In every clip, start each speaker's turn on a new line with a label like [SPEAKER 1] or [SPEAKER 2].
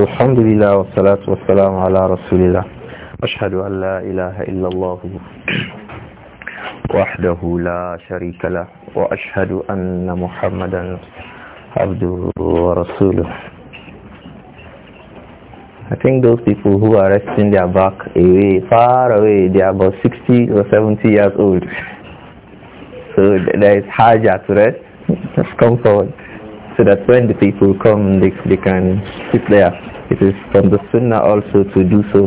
[SPEAKER 1] الحمد لله والصلاة والسلام على رسول الله أشهد أن لا إله إلا الله وحده لا شريك له وأشهد أن محمدا عبده ورسوله I think those people who are resting their back away, far away, they are about 60 or 70 years old. So there is hajj to rest. Just come forward. so that when the people come, they, they can sit there. It is from the Sunnah also to do so.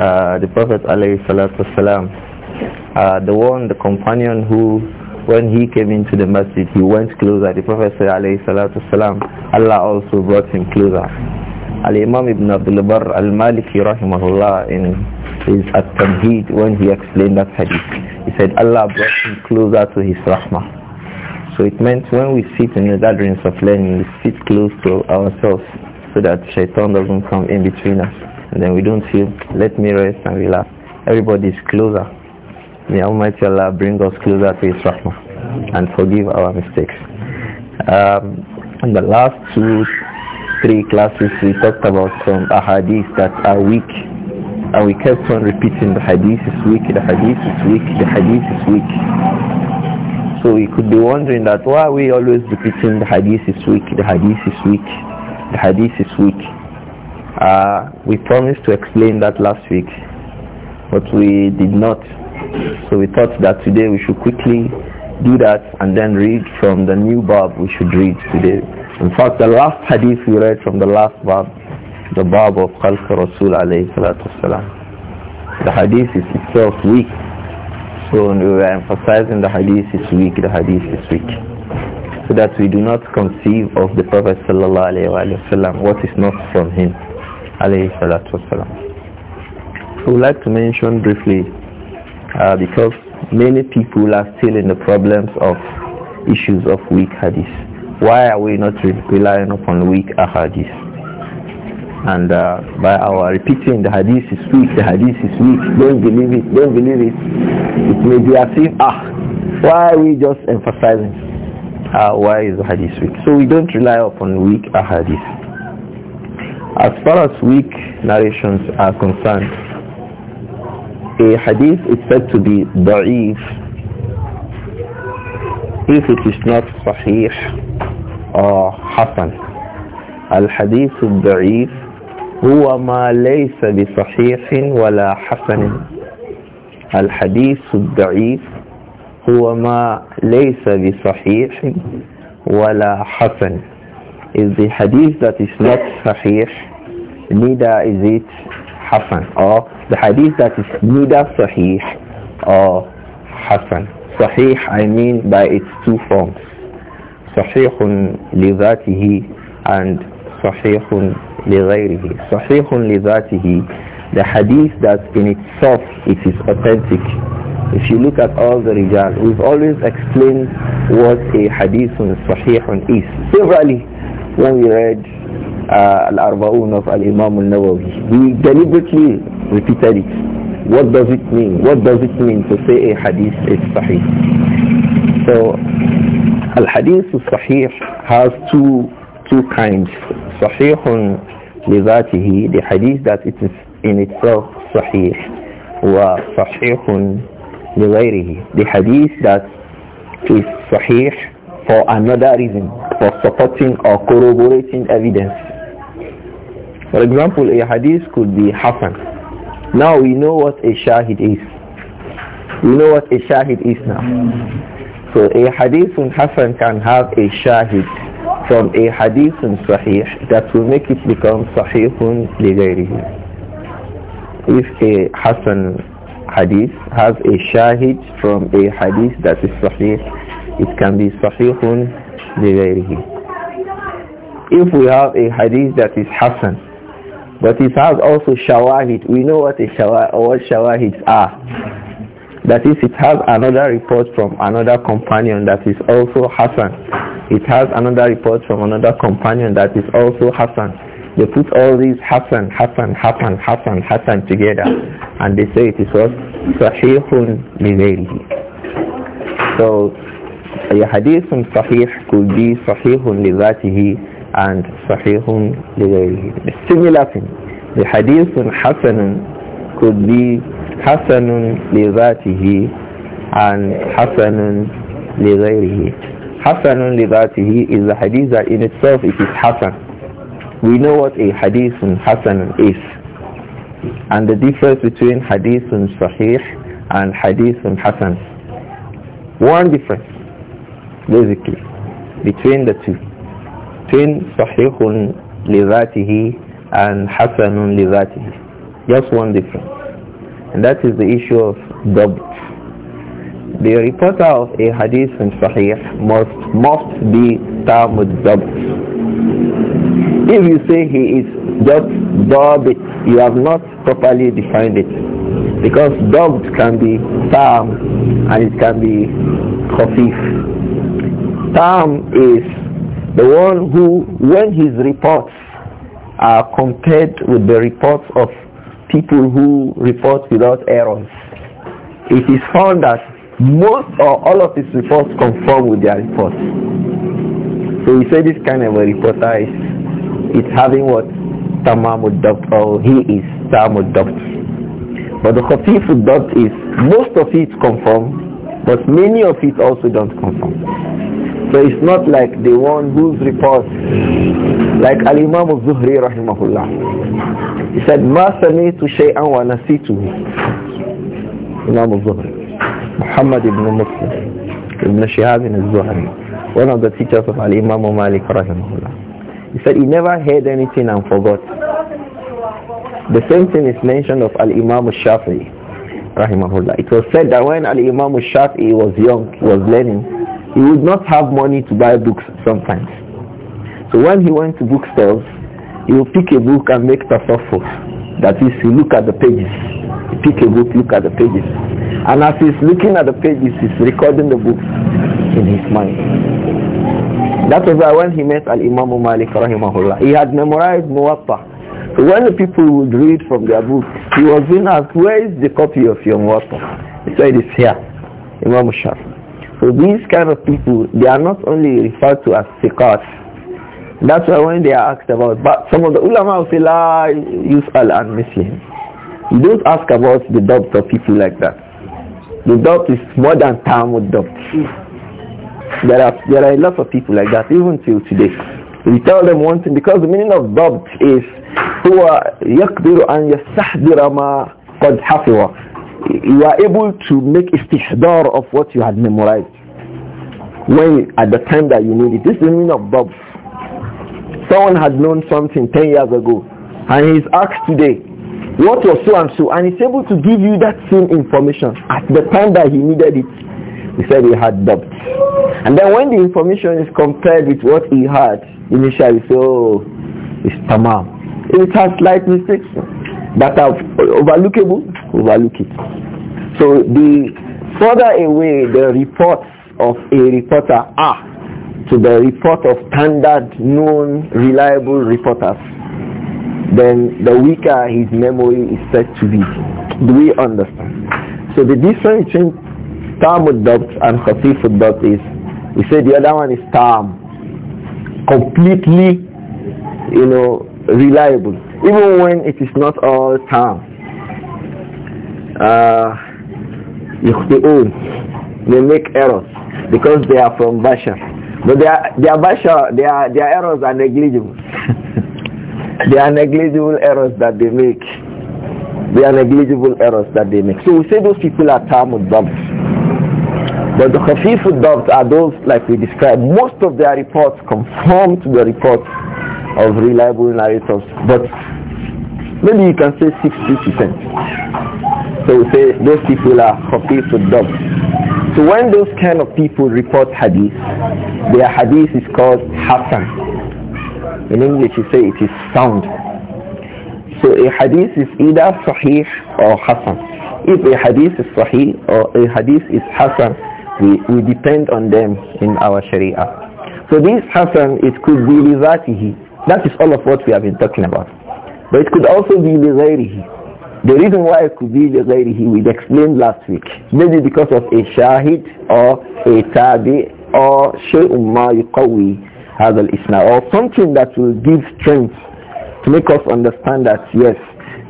[SPEAKER 1] Uh, the Prophet alayhi uh, the one, the companion who, when he came into the masjid, he went closer. The Prophet said alayhi Allah also brought him closer. Al-Imam Ibn Abdul Barr Al-Maliki rahimahullah in his At-Tamheed when he explained that hadith, he said Allah brought him closer to his rahmah. So it meant when we sit in the gatherings of learning, we sit close to ourselves so that shaitan doesn't come in between us. And then we don't feel, let me rest and relax. Everybody is closer. May Almighty Allah bring us closer to His Rahmah and forgive our mistakes. Um, in the last two, three classes, we talked about some ahadith that are weak. And we kept on repeating the hadith is weak, the hadith is weak, the hadith is weak. So you could be wondering that why are we always repeating the hadith is weak, the hadith is weak, the hadith is weak. Uh, we promised to explain that last week, but we did not. So we thought that today we should quickly do that and then read from the new Bab we should read today. In fact, the last hadith we read from the last Bab, the Bab of Khalq Rasul alayhi salatu The hadith is itself weak so we were emphasizing the hadith this week. the hadith this week, So that we do not conceive of the Prophet sallallahu wasallam what is not from him. Alayhi salatu would like to mention briefly, uh, because many people are still in the problems of issues of weak hadith. Why are we not relying upon weak ahadith? And uh, by our repeating the hadith is weak, the hadith is weak, don't believe it, don't believe it, it may be as if, ah, why are we just emphasizing? Uh, why is the hadith weak? So we don't rely upon weak hadith. As far as weak narrations are concerned, a hadith is said to be da'if if it is not sahih or hasan. Al-hadith is daif هو ما ليس بصحيح ولا حسن الحديث الضعيف هو ما ليس بصحيح ولا حسن is the hadith that is not sahih neither is it hasan or the hadith that is neither sahih or hasan sahih I mean by its two forms صحيح لذاته and صحيح لغيره صحيح لذاته the hadith that in itself it is authentic if you look at all the rijal we've always explained what a hadith sahih is severally when we read uh, al-arbaun of al-imam al-nawawi we deliberately repeated it what does it mean what does it mean to say a hadith is sahih so al-hadith sahih has two two kinds sahihun لذاته the hadith that it is in itself صحيح وصحيح لغيره the hadith that is صحيح for another reason for supporting or corroborating evidence for example a hadith could be حسن. now we know what a shahid is we know what a shahid is now so a hadith on Hassan can have a shahid from a hadith sahih that will make it become sahihun ligayrihi. If a Hassan hadith has a shahid from a hadith that is sahih, it can be sahihun ligayrihi. If we have a hadith that is Hassan, but it has also shawahid, we know what, a shawa, what shawahids are. That is, it has another report from another companion that is also Hassan. It has another report from another companion that is also Hassan. They put all these Hassan, Hassan, Hassan, Hassan, Hassan together and they say it is what? Sahihun lilayhi. So a hadith sahih could be Sahihun lizatihi and Sahihun lilayhi. Similar thing. The hadith Hassanun could be Hassanun lizatihi and Hassanun لغيره that lidatihi is a hadith that in itself it is Hasan. We know what a hadith Hasan is and the difference between hadith sahih and hadith Hasan. One difference, basically, between the two. Between sahih lidatihi and Hasan lidatihi. Just one difference. And that is the issue of doubt the reporter of a hadith in Sahih must, must be Tamud Dabit. If you say he is just Dabit, you have not properly defined it. Because Dabit can be Tam and it can be Khafif. Tam is the one who, when his reports are compared with the reports of people who report without errors, it is found that most or all of his reports conform with their reports. So we say this kind of a reporter is, is having what? Tamamud Dabt or he is Tamud Dabt. But the Khatif Dabt is most of it conform, but many of it also don't conform. So it's not like the one whose report, like Al-Imam al-Zuhri rahimahullah. He said, مَا سَمِيتُ شَيْئًا وَنَسِيتُهُ Imam al-Zuhri. Muhammad ibn Muslim ibn Shihab ibn Zuhri, one of the teachers of Al-Imam Malik rahimahullah. He said he never heard anything and forgot. The same thing is mentioned of Al-Imam Shafi'i rahimahullah. It was said that when Al-Imam Shafi was young, he was learning, he would not have money to buy books sometimes. So when he went to bookstores, he would pick a book and make tasawwuf. That is, he look at the pages. He pick a book, look at the pages. And as he's looking at the pages, he's recording the book in his mind. That was why when he met Al-Imam Malik rahimahullah, he had memorized Muwatta. So when the people would read from their book, he was being asked, where is the copy of your Muwatta? He said, it's here, Imam Shafi. So these kind of people, they are not only referred to as siqat. That's why when they are asked about, but some of the ulama will say, la yus'al and muslim. You don't ask about the doubts of people like that. The doubt is more than Talmud doubt. There are, there are a lot of people like that, even till today. We tell them one thing because the meaning of doubt is هو أن يستحضر ما قد حفظه. You are able to make istihdar of what you had memorized when at the time that you need it. This is the meaning of doubt. Someone had known something 10 years ago and he's asked today what was so and so, and he's able to give you that same information at the time that he needed it. He said he had doubts. And then when the information is compared with what he had, initially, so oh, it's tamam. If it has slight mistakes that are overlookable, overlook it. So the further away the reports of a reporter are to the report of standard, known, reliable reporters, then the weaker his memory is said to be. Do we understand? So the difference between tam and khafif adopt is, we say the other one is tam, completely, you know, reliable, even when it is not all tam. Uh, they make errors because they are from Bashar. But their, their Bashar, their, their errors are negligible. They are negligible errors that they make. They are negligible errors that they make. So we say those people are Talmud Dabs. But the Khafif Dabs are those like we described. Most of their reports conform to the reports of reliable narrators. But maybe you can say
[SPEAKER 2] 60%.
[SPEAKER 1] So we say those people are Khafif Dabs. So when those kind of people report hadith, their hadith is called Hassan. In English you say it is sound. So a hadith is either sahih or hasan. If a hadith is sahih or a hadith is hasan, we, we depend on them in our sharia. So this hasan, it could be lizatihi. That is all of what we have been talking about. But it could also be lizayrihi. The reason why it could be lizayrihi, we explained last week. Maybe because of a shahid or a tabi or shay'un ma yuqawi هذا الإسناد or something that will give strength to make us understand that yes,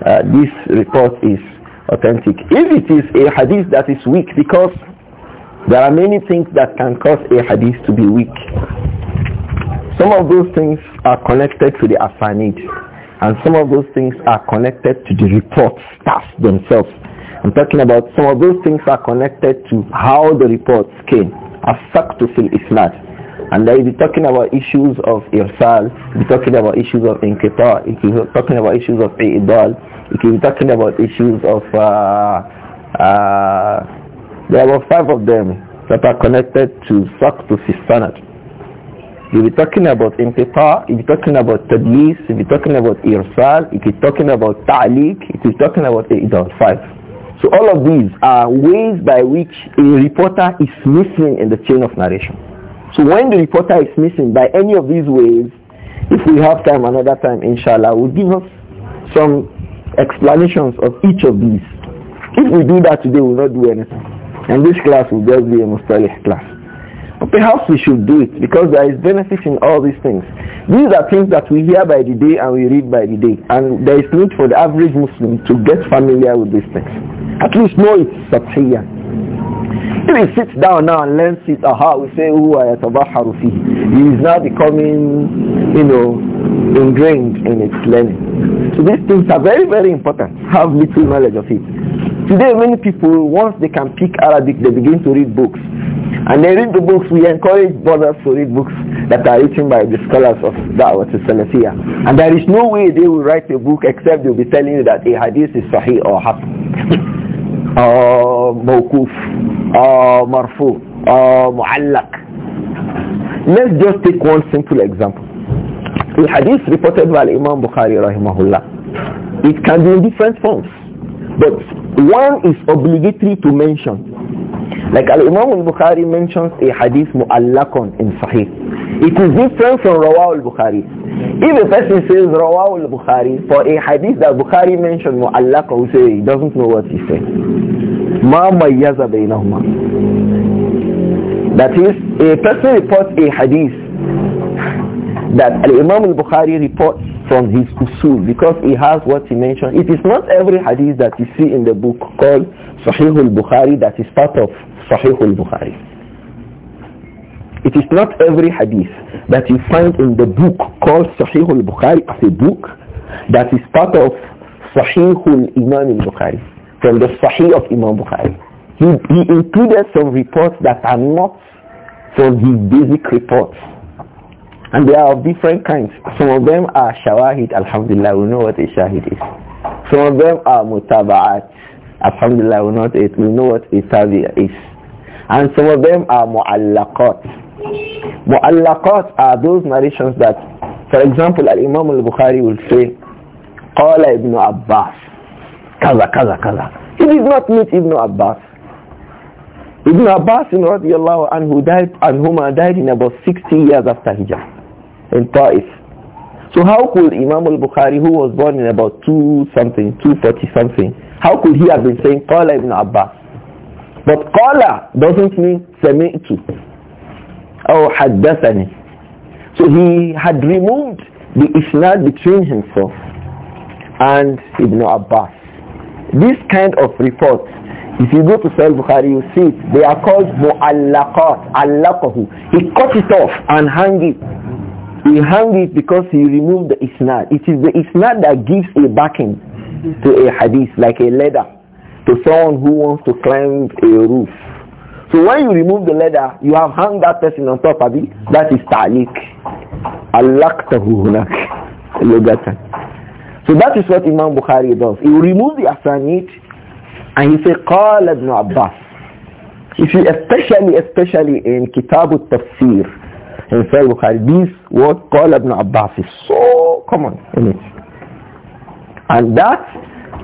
[SPEAKER 1] uh, this report is authentic. If it is a hadith that is weak because there are many things that can cause a hadith to be weak. Some of those things are connected to the asanid and some of those things are connected to the report staff themselves. I'm talking about some of those things are connected to how the reports came. to saktu is not. And they will be talking about issues of irsal, be talking about issues of inqita, if you be talking about issues of Eidol, if you be talking about issues of, uh, uh, there were five of them that are connected to saqtu fi sanad. You'll be talking about inqita, you are be talking about tadlis, you are be talking about irsal, you be talking about ta'liq, you be talking about Eidol. five. So all of these are ways by which a reporter is missing in the chain of narration. So when the reporter is missing by any of these ways, if we have time another time, inshallah, we will give us some explanations of each of these. If we do that today, we'll not do anything. And this class will just be a mustalih class. But perhaps we should do it because there is benefit in all these things. These are things that we hear by the day and we read by the day. And there is need for the average Muslim to get familiar with these things. At least know it's satiyah. If sit down now and learn sit aha, we say who I He is now becoming, you know, ingrained in its learning. So these things are very, very important. Have little knowledge of it. Today many people, once they can pick Arabic, they begin to read books. And they read the books, we encourage brothers to read books that are written by the scholars of Da'wah to Salafiyah. And there is no way they will write a book except they'll be telling you that a hadith is sahih or hasan or mawkuf or marfu Let's just take one simple example. The hadith reported by Imam Bukhari rahimahullah. It can be in different forms, but one is obligatory to mention like Al-Imam al-Bukhari mentions a hadith mu'allakun in Sahih. It is different from Rawah al-Bukhari. If a person says Rawah al-Bukhari for a hadith that Bukhari mentioned mu'allakun, we say he doesn't know what he said. ما ميز بينهما That is, a person reports a hadith that Al-Imam al-Bukhari reports from his usul because he has what he mentioned. It is not every hadith that you see in the book called Sahih al-Bukhari that is part of Sahih al-Bukhari. It is not every hadith that you find in the book called Sahih al-Bukhari as a book that is part of Sahih al-Imam al-Bukhari from the Sahih of Imam Bukhari. He, he included some reports that are not from his basic reports and they are of different kinds. Some of them are shawahid, alhamdulillah, we know what a shahid is. Some of them are mutaba'at, alhamdulillah, we know what, it, we know what a tabi'a is. And some of them are mu'allaqat. Mu'allaqat are those narrations that, for example, Al-Imam al-Bukhari will say, قال ibn Abbas." Kaza, kaza, kaza. He did not meet Ibn Abbas. Ibn Abbas radiallahu anhu died and Huma died in about 60 years after Hijrah in Ta'if. So how could Imam al-Bukhari, who was born in about 2 something, 240 something, how could he have been saying Qala ibn Abbas? But Qala doesn't mean Sami'tu or Haddathani. So he had removed the isnad between himself and Ibn Abbas. This kind of report, if you go to Sahih Bukhari, you see They are called mu'allaqat, allaqahu. He cut it off and hung it he hang it because he removed the isnad. It is the isnad that gives a backing to a hadith, like a ladder, to someone who wants to climb a roof. So when you remove the ladder, you have hung that person on top of it. That is ta'liq. Allaqtahu hunak. So that is what Imam Bukhari does. He removes the asanid and he says, قال ابن Abbas. If you especially, especially in Kitab al-Tafsir, in Sahih Bukhari. This word called Ibn Abbas is so common in it. And that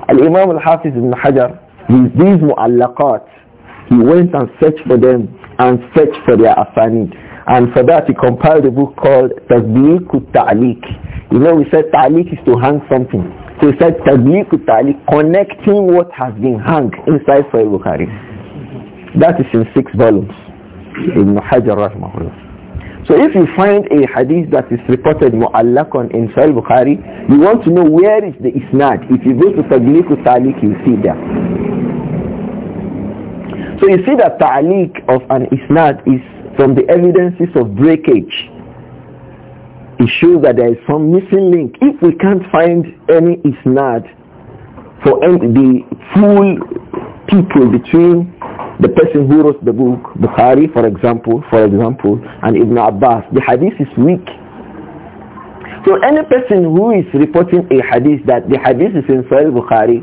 [SPEAKER 1] Al-Imam Al-Hafiz Ibn Hajar, with these mu'allaqat, he went and searched for them and searched for their asanid. And for that he compiled a book called Tazbiq Ta'liq. You know we said Ta'liq is to hang something. So he said Tazbiq Ta'liq, connecting what has been hung inside Sahih Bukhari. That is in six volumes. Ibn Hajar Rahmahullah. So if you find a hadith that is reported mu'allakun in Sahih Bukhari, you want to know where is the isnad. If you go to Tagliq Talik, you see that. So you see that ta'liq of an isnad is from the evidences of breakage. It shows that there is some missing link. If we can't find any isnad for the full people between the person who wrote the book, Bukhari, for example, for example, and Ibn Abbas. The hadith is weak. So any person who is reporting a hadith that the hadith is in Sahih Bukhari,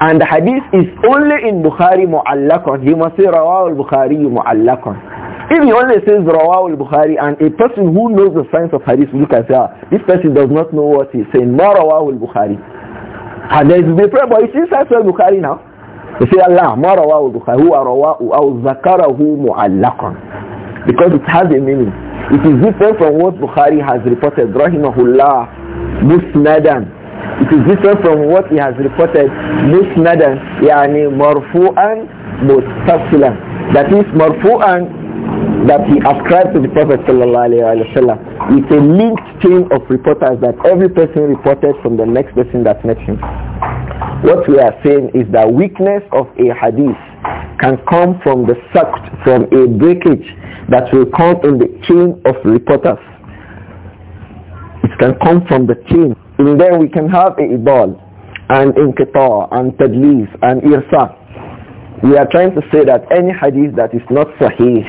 [SPEAKER 1] and the hadith is only in Bukhari mu'allakun, he must say Rawah al-Bukhari mu'allakun. If he only says Rawah al-Bukhari, and a person who knows the science of hadith will look say, ah, this person does not know what he's saying, ma Rawah al-Bukhari. And there is a prayer, but it's inside Sahih Bukhari now say Allah, ma rawahu Bukhari, huwa aw zakarahu mu'allaqan. Because it has a meaning. It is different from what Bukhari has reported, rahimahullah, musnadan. It is different from what he has reported, musnadan, yani marfu'an muttasilan. That is marfu'an that he ascribed to the Prophet sallallahu alaihi wasallam. It's a linked chain of reporters that every person reported from the next person that met him. What we are saying is that weakness of a hadith can come from the sect, from a breakage that will come in the chain of reporters. It can come from the chain. And then we can have a ibal and Qatar and tadlis and irsa. We are trying to say that any hadith that is not sahih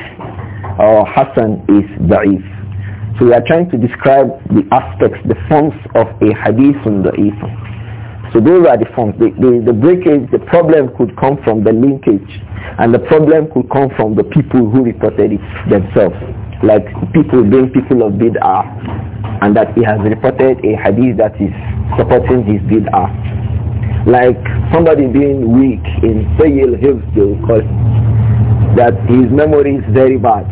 [SPEAKER 1] or hasan is da'if. So we are trying to describe the aspects, the forms of a hadith and da'if. So those are the forms. The, the, the breakage, the problem could come from the linkage and the problem could come from the people who reported it themselves. Like people being people of bid'ah and that he has reported a hadith that is supporting his bid'ah. Like somebody being weak in Sayyid Hibs, they will call that his memory is very bad.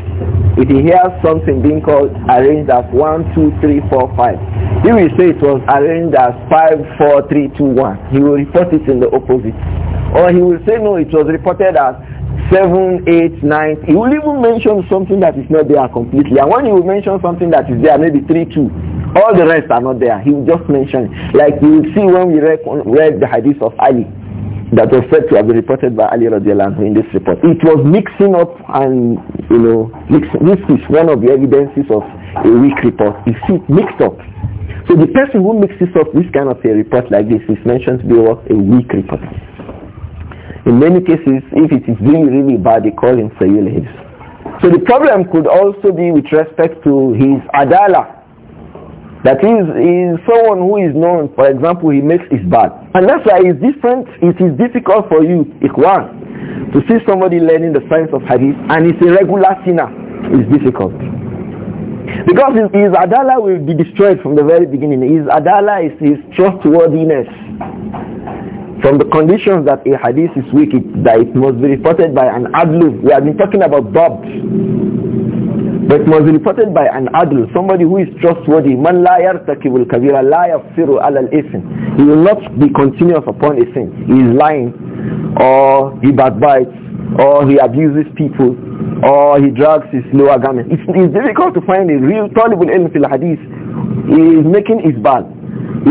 [SPEAKER 1] If he hears something being called arranged as 1, 2, 3, 4, 5, he will say it was arranged as 5, 4, 3, 2, 1. He will report it in the opposite. Or he will say, no, it was reported as 7, 8, 9. He will even mention something that is not there completely. And when he will mention something that is there, maybe 3, 2, all the rest are not there. He will just mention. Like you will see when we read, read the hadith of Ali that was said to have been reported by Ali radiallahu in this report. It was mixing up and, you know, this is one of the evidences of a weak report. It's mixed up. So the person who mixes up this kind of a report like this is mentioned to be what a weak report. In many cases, if it is really, really bad, they call him Sayyid So the problem could also be with respect to his adala, that is, is someone who is known, for example, he makes his bad. And that's why it's different, it is difficult for you, Ikhwan, to see somebody learning the science of hadith and it's a regular sinner. It's difficult. Because his, his adala will be destroyed from the very beginning. His adala is his trustworthiness. From the conditions that a hadith is weak, it, that it must be reported by an adlu. We have been talking about dogs. But it was reported by an adult, somebody who is trustworthy. Man la yartakibul kabira la yafiru alal isin. He will not be continuous upon a sin. He is lying, or he backbites, or he abuses people, or he drags his lower garment. It's, it's difficult to find a real tolerable in fil hadith. He is making his bad.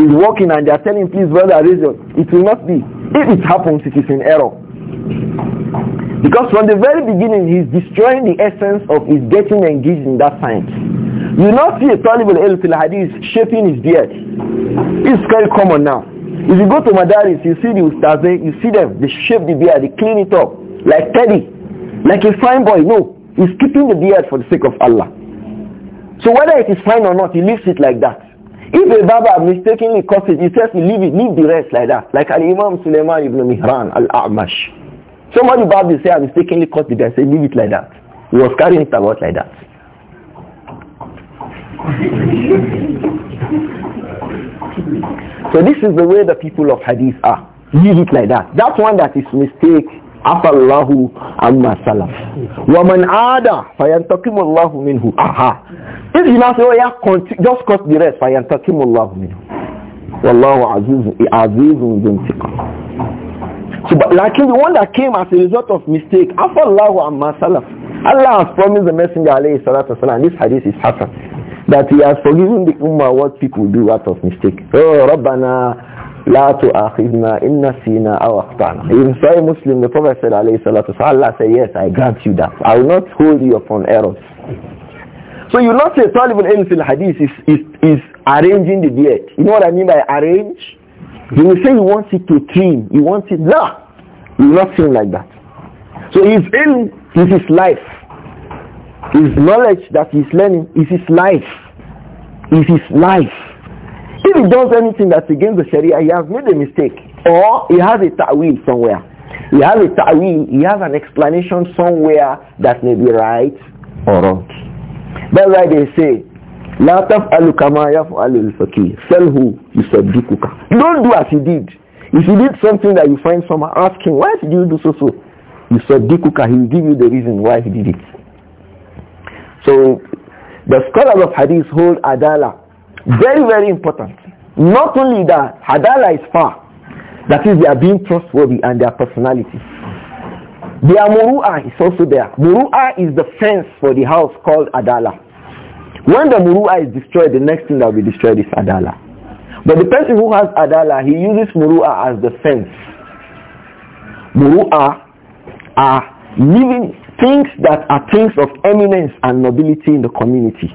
[SPEAKER 1] He is walking and they are telling, please brother, raise It will not be. If it happens, it is an error. Because from the very beginning, he's destroying the essence of his getting engaged in that science. You not see a tolerable al fil hadith shaping his beard. It's very common now. If you go to Madaris, you see the Ustaze, you see them, they shape the beard, they clean it up. Like Teddy, like a fine boy. No, he's keeping the beard for the sake of Allah. So whether it is fine or not, he leaves it like that. If a Baba mistakenly cuts it, he says, leave it, leave the rest like that. Like Al-Imam Sulaiman ibn Mihran, Al-A'mash. Somebody Baba, say hair and mistakenly cut the and Say, leave it like that. He was carrying it about like that. so this is the way the people of Hadith are. Leave it like that. That's one that is mistake. Afallahu amma salam. Waman ada fayantakimullahu minhu. Aha. If you now say, oh yeah, just cut the rest. Fayantakimullahu minhu. Wallahu azizun azizun
[SPEAKER 2] zintiqam.
[SPEAKER 1] So, but, like the one that came as a result of mistake, Allah has promised the Messenger alayhi salatu wasalam, this hadith is Hassan, that he has forgiven the Ummah what people do out of mistake. Oh, Rabbana la tu'akhidna inna sina aw akhtana. In Sahih Muslim, the Prophet said alayhi salatu Allah said, yes, I grant you that. I will not hold you upon errors. So you not say Talib al-Ilm fil hadith is, is, is arranging the beard. You know what I mean by arrange? He will say he wants it to trim, he wants it, nah, he's not saying like that. So his aim is his life. His knowledge that he's learning is his life. Is his life. If he does anything that's against the Sharia, he has made a mistake. Or he has a ta'wil somewhere. He has a ta'wil, he has an explanation somewhere that may be right or wrong. That's why they say, La taf'alu kama yaf'alu al-fakir. Salhu yusaddiquka. Don't do as he did. If he did something that you find someone asking, why did you do so so? Yusaddiquka. He will give you the reason why he did it. So the scholars of hadith hold adala. Very, very important. Not only that, adala is far. That is, they are being trustworthy and their personality. Their muru'ah is also there. Muru'ah is the fence for the house called adala. When the murua is destroyed, the next thing that will be destroyed is adala. But the person who has adala, he uses murua as the fence. Murua are living things that are things of eminence and nobility in the community.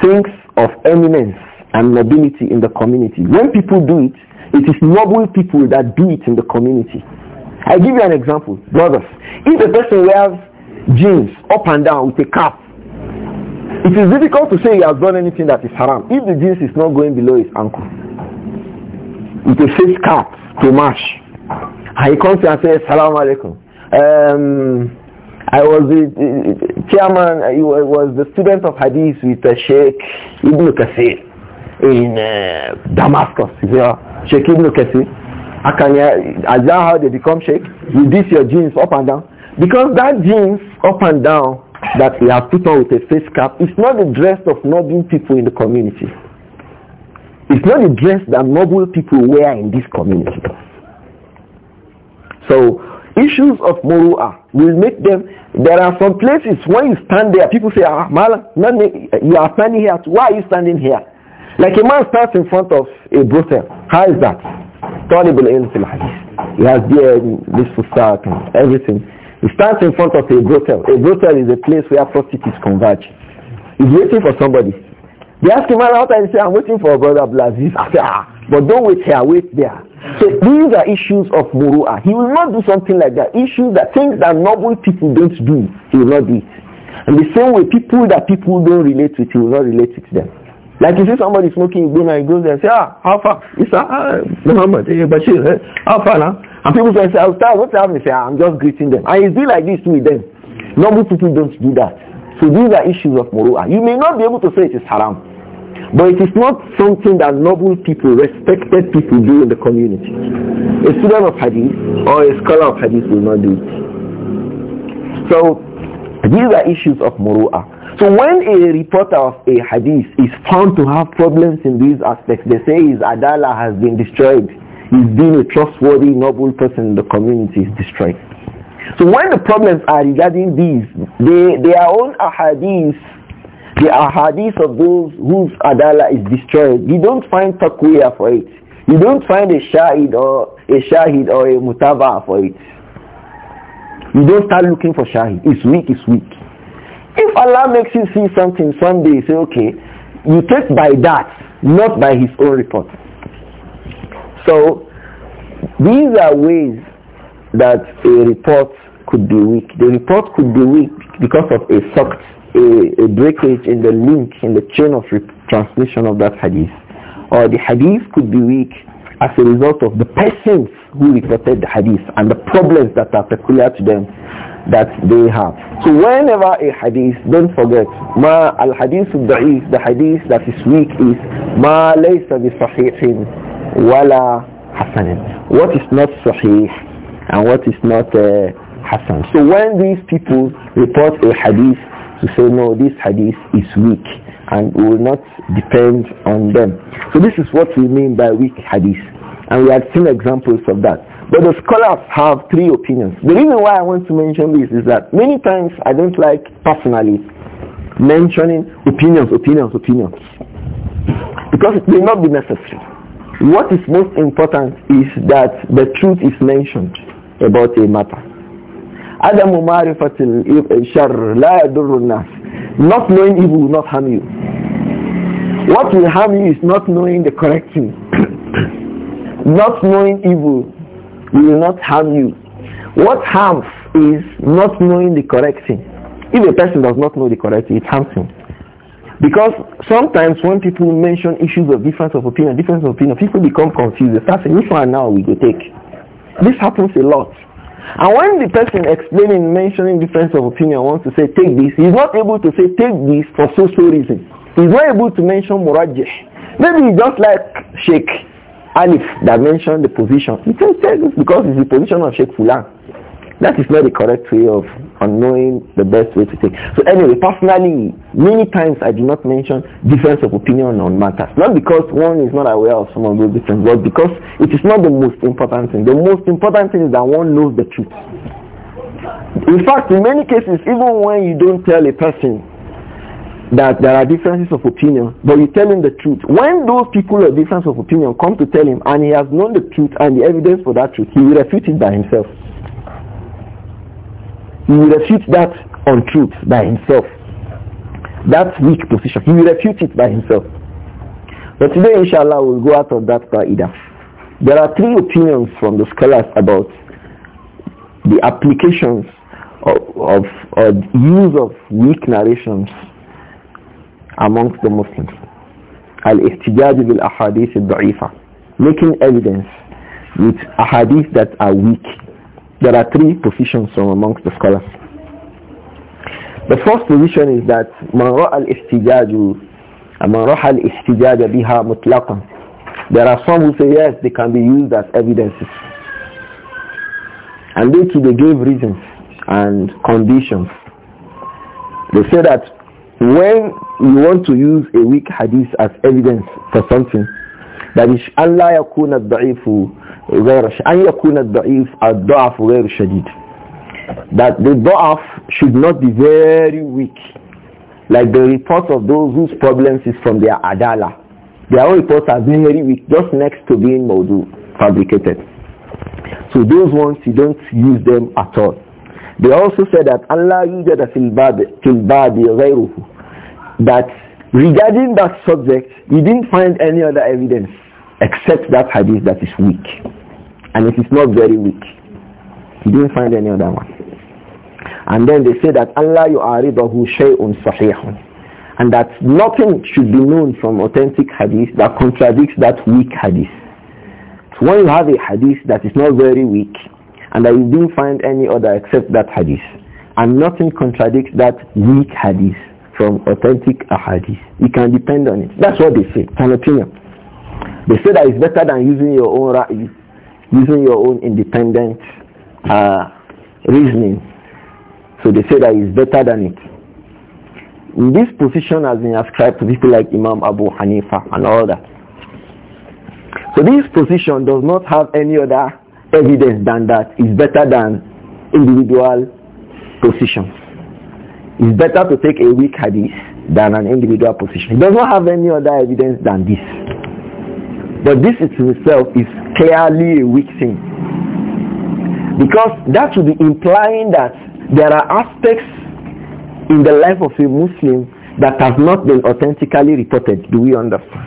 [SPEAKER 1] Things of eminence and nobility in the community. When people do it, it is noble people that do it in the community. I give you an example, brothers. If a person wears jeans up and down with a cap, it is difficult to say he has done anything that is haram if the jeans is not going below his ankle. With a face cap to match. And he comes and says, Salaam alaikum. Um, I was the uh, chairman, I was the student of hadith with uh, Sheikh Ibn Kathir in uh, Damascus. Yeah. Uh, Sheikh Ibn Kathir. can is that how they become Sheikh? You this your jeans up and down? Because that jeans up and down that he has put on with a face cap is not the dress of noble people in the community. It's not the dress that noble people wear in this community. So issues of Moru'ah will make them, there are some places when you stand there, people say, ah, Mala, you are standing here, why are you standing here? Like a man stands in front of a brothel, how is that? طالب العلم He has the, this and everything. He stands in front of a brothel. A brothel is a place where prostitutes converge. He's waiting for somebody. They ask him, man, out time? He say, I'm waiting for a brother Blazis. I say, ah, but don't wait here, wait there. So these are issues of Murua. He will not do something like that. Issues that things that normal people don't do, he will not do And the same way, people that people don't relate with, he will not relate with them. Like you see somebody smoking Igbona, he goes there and say, ah, how far? He say, ah, Muhammad, eh, Bashir, eh, how far now? And people can say, I'll start, what's happening? Say, ah, I'm just greeting them. And it's like this with them. Normal people don't do that. So these are issues of Muru'ah. You may not be able to say it is haram. But it is not something that noble people, respected people do in the community. A student of hadith or a scholar of hadith will not do it. So these are issues of Muru'ah. So when a reporter of a hadith is found to have problems in these aspects, they say his adala has been destroyed is being a trustworthy, noble person in the community is destroyed. So when the problems are regarding these, they, their own ahadith, the ahadith of those whose adala is destroyed, you don't find taqwiyah for it. You don't find a shahid or a shahid or a mutaba for it. You don't start looking for shahid. It's weak, it's weak. If Allah makes you see something someday, you say, okay, you take by that, not by his own report. So these are ways that a report could be weak. The report could be weak because of a sucked, a, a breakage in the link, in the chain of transmission of that hadith. Or the hadith could be weak as a result of the persons who reported the hadith and the problems that are peculiar to them that they have. So whenever a hadith, don't forget, ma al hadith the hadith that is weak is ma laysa bi wala hasanan. What is not sahih and what is not uh, hasan. So when these people report a hadith to say no, this hadith is weak and will not depend on them. So this is what we mean by weak hadith. And we have seen examples of that. But the scholars have three opinions. The reason why I want to mention this is that many times I don't like personally mentioning opinions, opinions, opinions. Because it may not be necessary. What is most important is that the truth is mentioned about a matter. عدم معرفة الشر لا يضر الناس. Not knowing evil will not harm you. What will harm you is not knowing the correct thing. not knowing evil will not harm you. What harms is not knowing the correct thing. If a person does not know the correct thing, it harms him. Because sometimes when people mention issues of difference of opinion, difference of opinion, people become confused. They start saying, which one now we go take? This happens a lot. And when the person explaining, mentioning difference of opinion wants to say, take this, he's not able to say, take this for social reason. He's not able to mention murajih. Maybe he just like Sheikh Alif that mentioned the position. He says, take this because it's the position of Sheikh Fulan. That is not the correct way of knowing the best way to take. So anyway, personally, many times I do not mention difference of opinion on matters. Not because one is not aware of some of those differences, but because it is not the most important thing. The most important thing is that one knows the truth. In fact, in many cases, even when you don't tell a person that there are differences of opinion, but you tell him the truth. When those people of difference of opinion come to tell him and he has known the truth and the evidence for that truth, he will refute it by himself. He will refute that untruth by himself. That weak position. He will refute it by himself. But today, inshallah, we'll go out of that qaida. There are three opinions from the scholars about the applications of, of, of use of weak narrations amongst the Muslims. Al-ihtijaj bil ahadith al-da'ifa. Making evidence with ahadith that are weak there are three positions from amongst the scholars. The first position is that من رأى الاحتجاج من رأى الاحتجاج بها مطلقا There are some who say yes, they can be used as evidences. And they too, they gave reasons and conditions. They say that when you want to use a weak hadith as evidence for something, that is, أن لا يكون الضعيف غير أن يكون الضعيف الضعف غير That the ضعف should not be very weak. Like the reports of those whose problems is from their adala. Their own reports are very weak, just next to being maudu, fabricated. So those ones, you don't use them at all. They also said that Allah yujad fil badi ghayruhu. That regarding that subject, you didn't find any other evidence except that hadith that is weak. And it is not very weak. He didn't find any other one. And then they say that Allah yu'aridahu shay'un sahihun. And that nothing should be known from authentic hadith that contradicts that weak hadith. So when you have a hadith that is not very weak, and that you didn't find any other except that hadith, and nothing contradicts that weak hadith from authentic hadith, you can depend on it. That's what they say. It's an opinion. They say that it's better than using your own using your own independent uh, reasoning. So they say that it's better than it. This position has been ascribed to people like Imam Abu Hanifa and all that. So this position does not have any other evidence than that it's better than individual positions. It's better to take a weak hadith than an individual position. It does not have any other evidence than this. But this in itself is clearly a weak thing. Because that would be implying that there are aspects in the life of a Muslim that has not been authentically reported. Do we understand?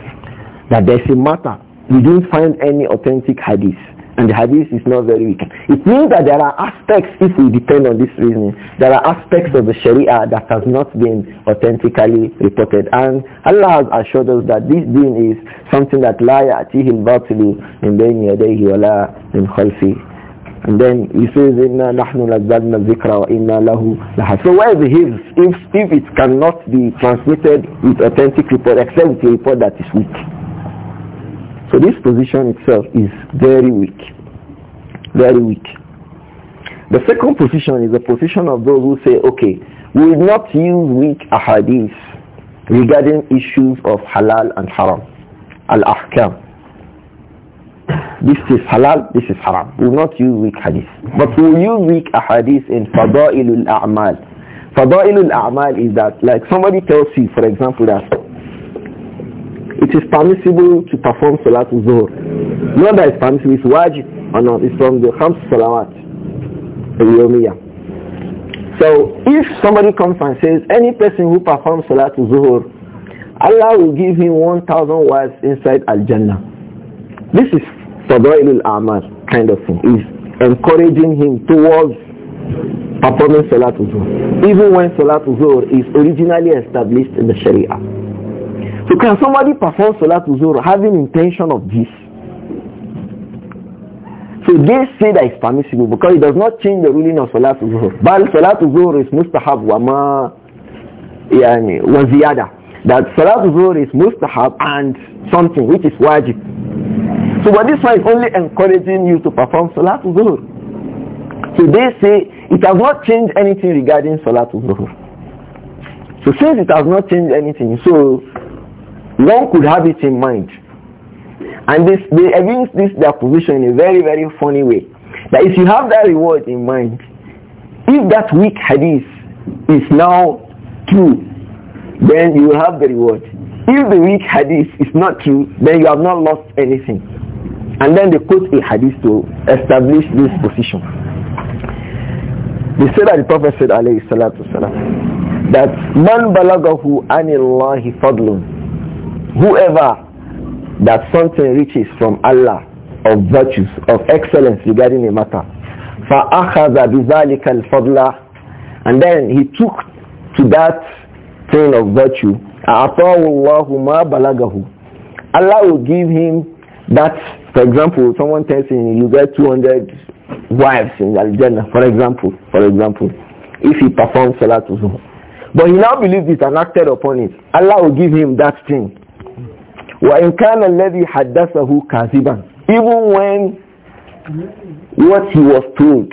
[SPEAKER 1] That there's a matter. We didn't find any authentic hadith and the hadith is not very weak. It means that there are aspects, if we depend on this reasoning, there are aspects of the Sharia that has not been authentically reported. And Allah has assured us that this deen is something that لا يأتيه الباطل من بين يديه ولا من خلفه. And then he says, Inna نَحْنُ نَزَّلْنَا الذِّكْرَ وَإِنَّا لَهُ لَحَافِظُونَ So where is the hifz? If, if it cannot be transmitted with authentic report, except with a report that is weak. So this position itself is very weak. Very weak. The second position is the position of those who say, okay, we will not use weak ahadith regarding issues of halal and haram. Al-ahkam. This is halal, this is haram. We will not use weak hadith. But we will use weak ahadith in fada'ilul a'mal. Fada'ilul a'mal is that, like somebody tells you, for example, that it is permissible to perform Salat Zuhr. Not that it's permissible, it's wajib or not, it's from the Khams Salawat, So if somebody comes and says, any person who performs Salat Zuhr, Allah will give him 1,000 wives inside Al-Jannah.
[SPEAKER 2] This is al
[SPEAKER 1] Amal kind of thing. Is encouraging him towards performing Salat Zuhr. Even when Salat Zuhr is originally established in the Sharia. So can somebody perform Salatul Zuhr having intention of this? So they say that it's permissible because it does not change the ruling of Salatul Zuhr. But Salatul Zuhr is mustahab wa ma yani, wa ziyada. That Salatul Zuhr is mustahab and something which is wajib. So but this one is only encouraging you to perform Salatul Zuhr. So they say it has not changed anything regarding Salatul Zuhr. So since it has not changed anything, so one could have it in mind. And this, they evince this their position in a very, very funny way. That if you have that reward in mind, if that weak hadith is now true, then you will have the reward. If the weak hadith is not true, then you have not lost anything. And then they quote a hadith to establish this position. They say that the Prophet said, alayhi salatu salam, that man balagahu anillahi fadlun whoever that something reaches from Allah of virtues, of excellence regarding a matter. فَأَخَذَ بِذَلِكَ الْفَضْلَ And then he took to that thing of virtue. أَعْطَاهُ اللَّهُ مَا بَلَغَهُ Allah will give him that, for example, someone tells him, you get 200 wives in Al-Jannah, for example, for example, if he performs Salatul But he now believes it and acted upon it. Allah will give him that thing. وإن كان الذي حدثه كاذبا even when what he was told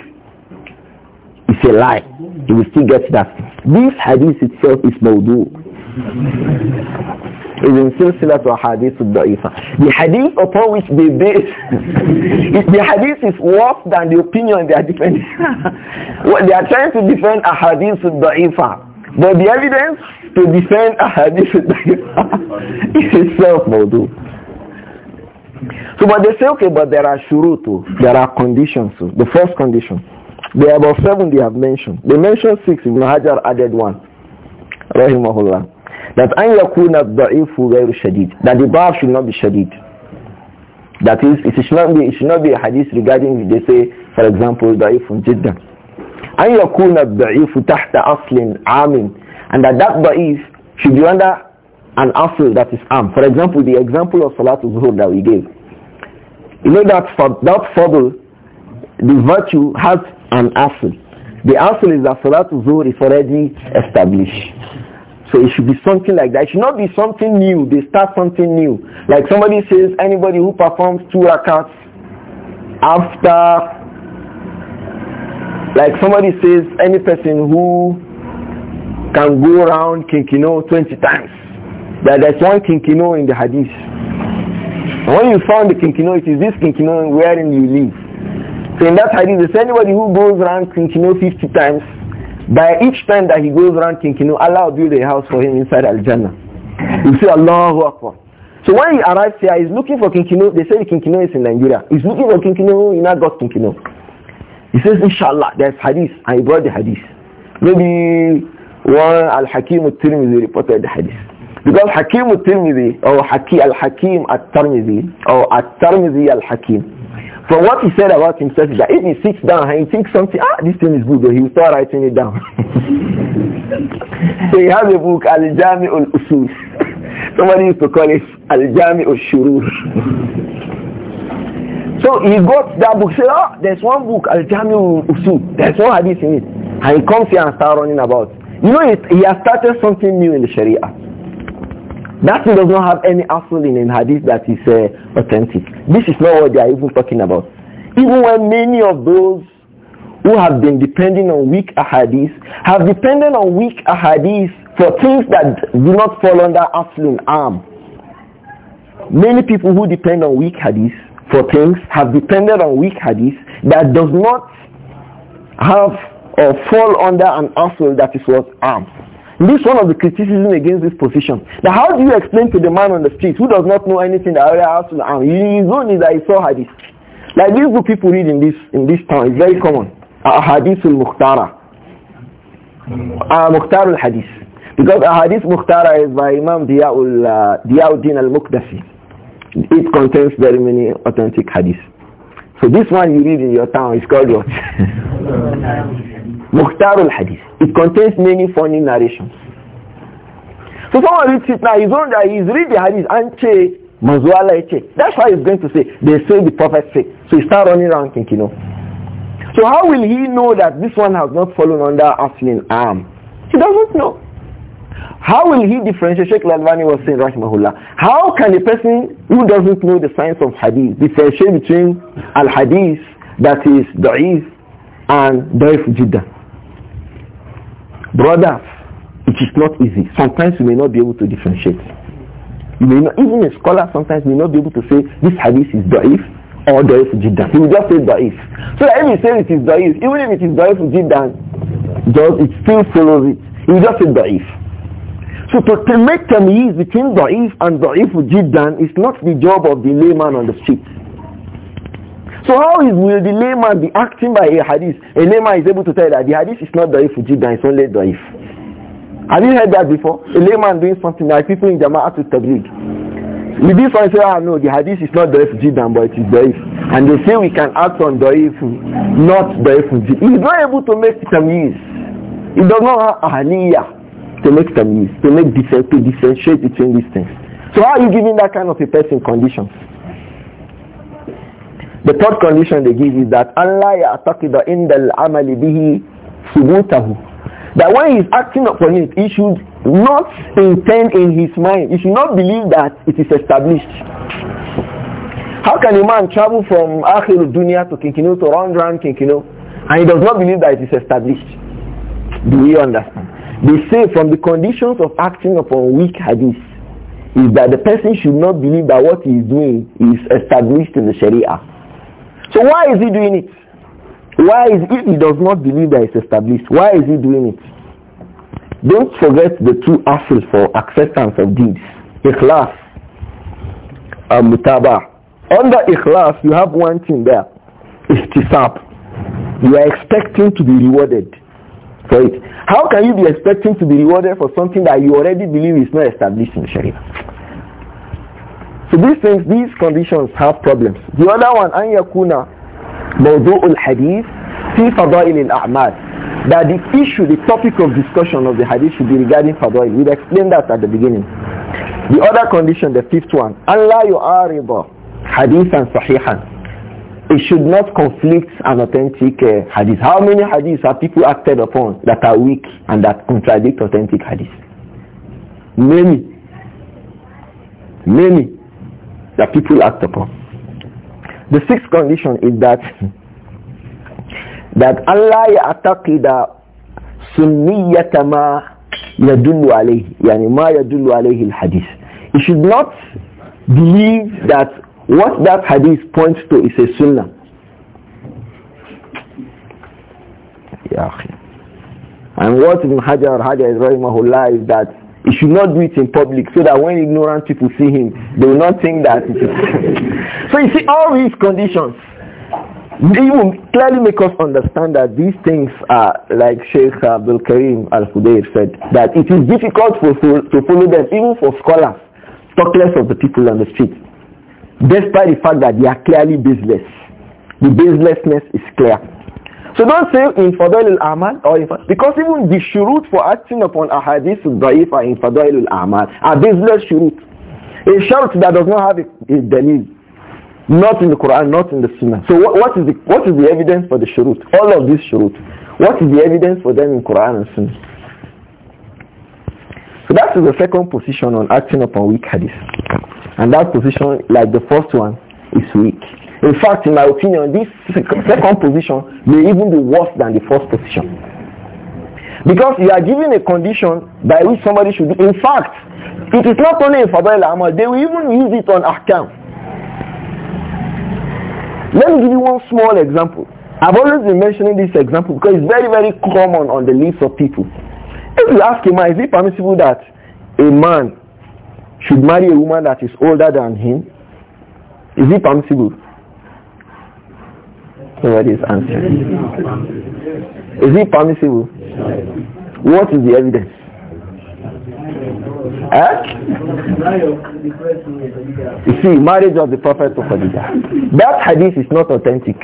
[SPEAKER 1] is a lie he will still get that this hadith itself is mawdu is in to a hadith da'ifa the hadith upon which they base the hadith is worse than the opinion they are defending they are trying to defend a hadith da'ifa but the evidence to defend a hadith is itself Maudu. So but they say, okay, but there are shurutu, there are conditions. The first condition. There are about seven they have mentioned. They mentioned six, Ibn Hajar added one. Rahimahullah. That an yakuna da'ifu ghayru shadid. That the da'af should not be shadid. That is, it should not be, it should not be a hadith regarding, they say, for example, da'ifun jiddah. أن يكون الضعيف تحت أصل عام and that that ضعيف should be under an asl that is am. For example, the example of Salatul Zuhur that we gave. You know that for that fadl, the virtue has an asl. The asl is that Salatul Zuhur is already established. So it should be something like that. It should not be something new. They start something new. Like somebody says, anybody who performs two rakats after like somebody says, any person who can go around kinkino 20 times, that there's one kinkino in the hadith. when you found the kinkino, it is this kinkino wherein you live. So in that hadith, there's anybody who goes around kinkino 50 times, by each time that he goes around kinkino, Allah will build a house for him inside Al-Jannah. You say, Allahu Akbar. So when he arrives here, he's looking for kinkino. They say kinkino is in Nigeria. He's looking for kinkino, he not got kinkino. He says, inshallah, there's hadith. And he brought the hadith. Maybe one Al-Hakim al-Tirmidhi reported the hadith. Because Hakim al-Tirmidhi or Haki, Al-Hakim al-Tirmidhi or Al-Tirmidhi al-Hakim. From what he said about himself is that if he sits down and he thinks something, ah, this thing is good, though, he will start writing it down. so he has a book, Al-Jami al-Usul. Somebody used to call it Al-Jami al-Shurur. So he got that book, say, oh, there's one book, Al-Jami Usul. There's one hadith in it. And he comes here and starts running about. You know, he has started something new in the Sharia. That thing does not have any asshole in, in hadith that is uh, authentic. This is not what they are even talking about. Even when many of those who have been depending on weak ahadith have depended on weak ahadith for things that do not fall under absolute arm. Many people who depend on weak hadith for things have depended on weak hadith that does not have or fall under an asshole that is worth arms. This is one of the criticism against this position. Now how do you explain to the man on the street who does not know anything that Allah has to arm? that he saw hadith. Like these book people read in this in this town, it's very common. hadith al-Mukhtara. Uh, Mukhtar al-Hadith. Because hadith Mukhtara is by Imam uh, Diyauddin al-Muqdasi. It contains very many authentic hadiths. So this one you read in your town is called what? Mukhtar al-Hadith. It contains many funny narrations. So someone reads it now, he's on that he's read the hadith and che Mazuala che. That's why he's going to say, they say the prophet say. So he start running around thinking, you know. So how will he know that this one has not fallen under Aslin arm? He doesn't know. How will he differentiate? Sheikh Lalvani was saying, Rahimahullah, how can a person who doesn't know the science of hadith differentiate between al-hadith that is da'if and da'if jiddah? Brothers, it is not easy. Sometimes you may not be able to differentiate. You may not, even a scholar sometimes may not be able to say this hadith is da'if or da'if jiddan. He will just say da'if. So even if he says it is da'if, even if it is da'if jiddan, just, it still follows it. He will just say da'if. So to make tamiz between da'if and da'if jiddan is not the job of the layman on the street. So how is, will the layman be acting by a hadith? A layman is able to tell that the hadith is not da'if jiddan, it's only da'if. Have you heard that before? A layman doing something like people in Jama'at to tabligh. With this one say, ah no, the hadith is not da'if jiddan, but it is da'if. And they say we can act on da'if, not da'if jiddan. He's not able to make tamiz. He does not have ahliyah to make families, to make difference, to differentiate between these things. So how are you giving that kind of a person conditions? The third condition they give is that Allah يعتقد عند العمل به ثبوته that when he is acting upon it, he should not intend in his mind, he should not believe that it is established. How can a man travel from Akhir Dunya to Kinkino to round round Kinkino and he does not believe that it is established? Do we understand? They say from the conditions of acting upon weak hadith is that the person should not believe that what he is doing is established in the Sharia. So why is he doing it? Why is if he does not believe that it's established, why is he doing it? Don't forget the two assets for acceptance of deeds. Ikhlas and mutaba. Under ikhlas, you have one thing there. Istisab. You are expecting to be rewarded for it. How can you be expecting to be rewarded for something that you already believe is not established in Sharia? So these things, these conditions have problems. The other one, أن يكون موضوع الحديث في فضائل الأعمال that the issue, the topic of discussion of the hadith should be regarding fadail. We'll explain that at the beginning. The other condition, the fifth one, أن لا يعارض حديثا صحيحا it should not conflict an authentic uh, hadith. How many hadiths have people acted upon that are weak and that contradict authentic hadith? Many. Many that people act upon. The sixth condition is that that Allah ya'taqida sunniyata ma yadullu alayhi yani ma yadullu alayhi al-hadith. You should not believe that what that hadith points to is a sunnah. And what Ibn Hajar Hajar Rahimahullah is that he should not do it in public so that when ignorant people see him, they will not think that it is. so you see all these conditions, they will clearly make us understand that these things are like Sheikh Abdul Karim Al-Hudayr said, that it is difficult for, to follow them even for scholars, talk less of the people on the street despite the fact that they are clearly baseless. The baselessness is clear. So don't say in Fadail al-Amal or in, because even the shurut for acting upon a hadith da'if in Fadail al-Amal are baseless shurut. A shurut that does not have a, a delil. Not in the Quran, not in the Sunnah. So what, what, is the, what is the evidence for the shurut? All of these shurut. What is the evidence for them in Quran and Sunnah? So that is the second position on acting upon weak hadith. And that position, like the first one, is weak. In fact, in my opinion, this second position may even be worse than the first position. Because you are given a condition by which somebody should be. In fact, it is not only in favela Amal, they will even use it on Ahkam. Let me give you one small example. I've always been mentioning this example because it's very, very common on the lips of people. If you ask a man, is it permissible that a man should marry a woman that is older than him? Is it permissible? Nobody is answering. Is it permissible? What is the evidence?
[SPEAKER 2] Eh? You
[SPEAKER 1] see, marriage of the Prophet of Khadija. That hadith is not authentic.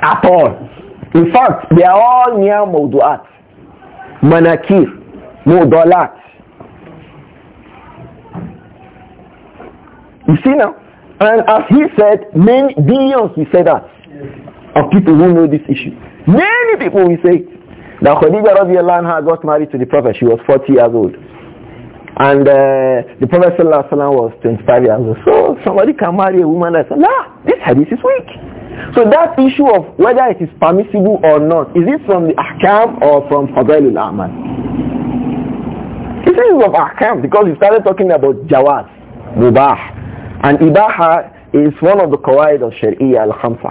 [SPEAKER 1] At all. In fact, they are all near Mawdu'at. Manakir. Mawdu'at. You see now? And as he said, many billions, he said that, of people who know this issue. Many people will say that Khadija radiallahu anha got married to the Prophet. She was 40 years old. And uh, the Prophet sallallahu was 25 years old. So somebody can marry a woman that's, nah, this hadith is weak. So that issue of whether it is permissible or not, is it from the ahkam or from fadailul amal? It is of ahkam because he started talking about Jawad, mubah, and ibaha is one of the qawaid of Sharia al-Khamsa.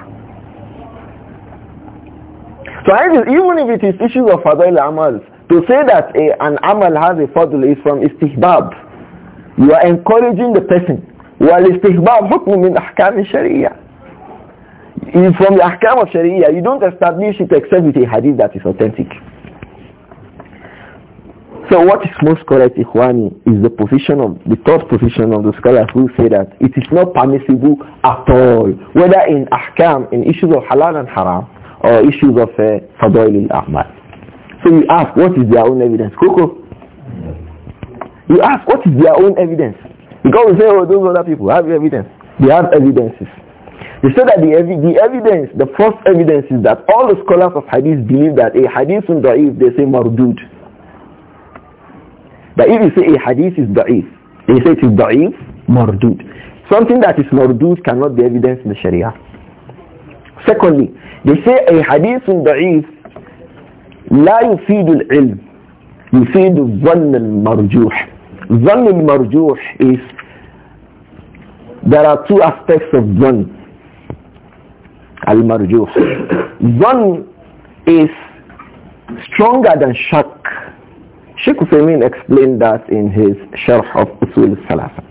[SPEAKER 1] So even if it is issues of fadail amal to say that a, an amal has a fadl is from istihbab. You are encouraging the person. While istihbab hukm min ahkam sharia. From the ahkam of sharia, you don't establish it except with a hadith that is authentic. So what is most correct, Ikhwani, is the position of, the third position of the scholars who say that it is not permissible at all, whether in ahkam, in issues of halal and haram, or issues of uh, fadail al So you ask, what is their own evidence? Coco, you ask, what is their own evidence? Because we say, oh, those other people have evidence. They have evidences. They say that the, the evidence, the first evidence is that all the scholars of hadith believe that a hadith in da'if, they say mardud. That if you say a hadith is da'if, they say it is da'if, mardud. Something that is mardud cannot be evidence in the Sharia. Secondly, they say a hadith is da'if, لا يفيد العلم يفيد الظن المرجوح ظن المرجوح is there are two aspects of ظن المرجوح ظن is stronger than shock Sheikh Uthaymeen explained that in his Sharh of Usul Salasa.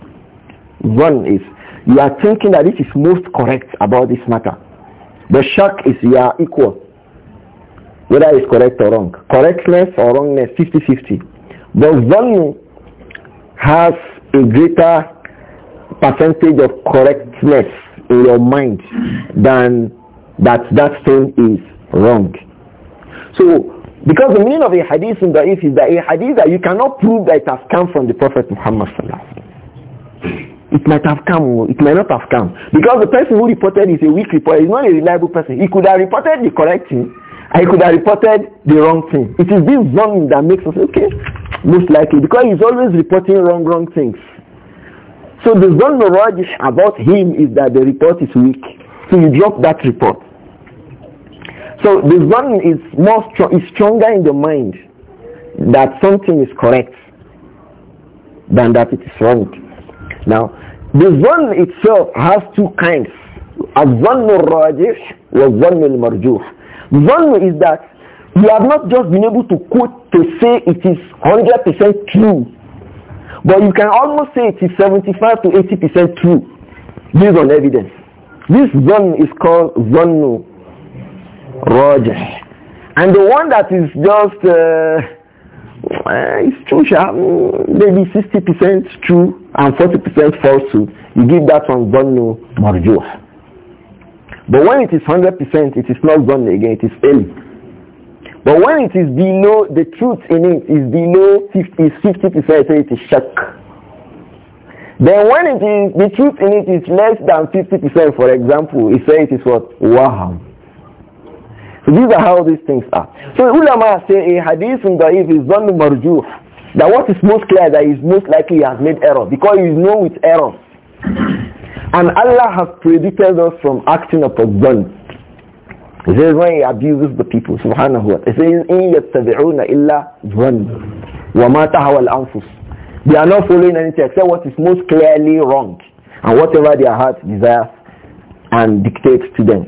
[SPEAKER 1] One is, you are thinking that this is most correct about this matter. The shock is you are equal, whether it's correct or wrong. Correctness or wrongness, 50-50. But one has a greater percentage of correctness in your mind than that that thing is wrong. So because the meaning of a hadith in da'if is that a hadith that you cannot prove that it has come from the Prophet Muhammad It might have come, oh, it might not have come. Because the person who reported is a weak reporter, is not a reliable person. He could have reported the correct thing, and he could have reported the wrong thing. It is this wrong that makes us, okay, most likely. Because he's always reporting wrong, wrong things. So the knowledge about him is that the report is weak. So you drop that report. So the one is more is stronger in the mind that something is correct than that it is wrong. Now, the one itself has two kinds. الظن or والظن المرجوح. Zan is that you have not just been able to quote to say it is 100% true, but you can almost say it is 75 to 80% true based on evidence. This zone is called zonnu Roger, And the one that is just, uh, eh, it's true, sharp, maybe 60% true and 40% falsehood, you give that one Zannu Marjuh. But when it is 100%, it is not done again, it is Ilm. But when it is below, the truth in it is below 50, 50%, so it is shak. Then when it is, the truth in it is less than 50%, for example, it says it is what? Waham. So these are how these things are. So ulama say a eh, hadith in da'if is done marjuh. That what is most clear that is most likely he has made error because he is known with error. And Allah has predicted us from acting upon done. He says when he abuses the people, subhanahu wa ta'ala. He says, إِن إِلَّا ظَنَّ They are not following anything except what is most clearly wrong and whatever their heart desires and dictates to them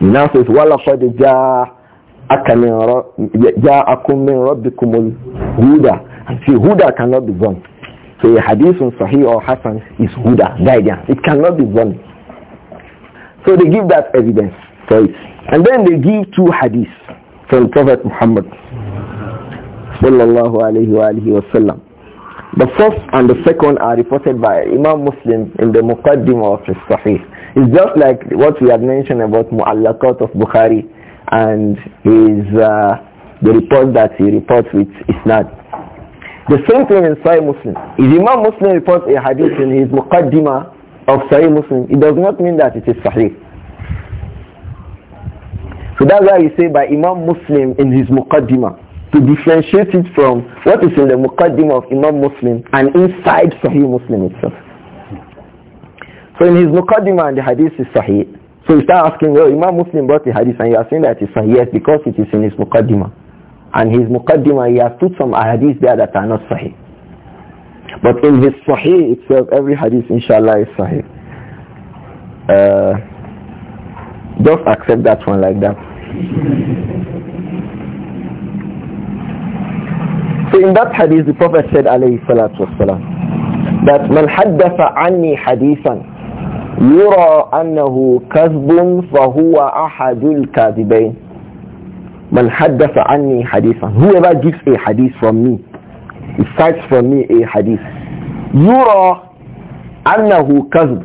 [SPEAKER 1] now says, وَلَقَدْ جَاءَكُمْ مِنْ رَبِّكُمُ الْهُدَى And see, Huda cannot be wrong. So a hadith on Sahih or hasan is Huda, guidance. It cannot be wrong. So they give that evidence for it. And then they give two hadiths from Prophet Muhammad sallallahu alayhi wa sallam. The first and the second are reported by Imam Muslim in the Muqaddim of the Sahih. It's just like what we had mentioned about Mu'allaqat of Bukhari and his, uh, the report that he reports with Isnad. The same thing in Sahih Muslim. If Imam Muslim reports a hadith in his Muqaddimah of Sahih Muslim, it does not mean that it is Sahih. So that's why you say by Imam Muslim in his Muqaddimah to differentiate it from what is in the Muqaddimah of Imam Muslim and inside Sahih Muslim itself. So in his Muqaddimah and the hadith is Sahih. So you start asking, well, Imam Muslim brought the hadith and you are saying that it's Sahih yes, because it is in his Muqaddimah. And his Muqaddimah, he has put some hadith there that are not Sahih. But in his Sahih itself, every hadith, inshallah, is Sahih. Uh, just accept that one like that. so in that hadith, the Prophet said, alayhi salatu wasalam, that man haddatha anni hadithan يرى أنه كذب فهو أحد الكاذبين من حدث عني حديثا whoever gives a hadith from me he cites from me a hadith يرى أنه كذب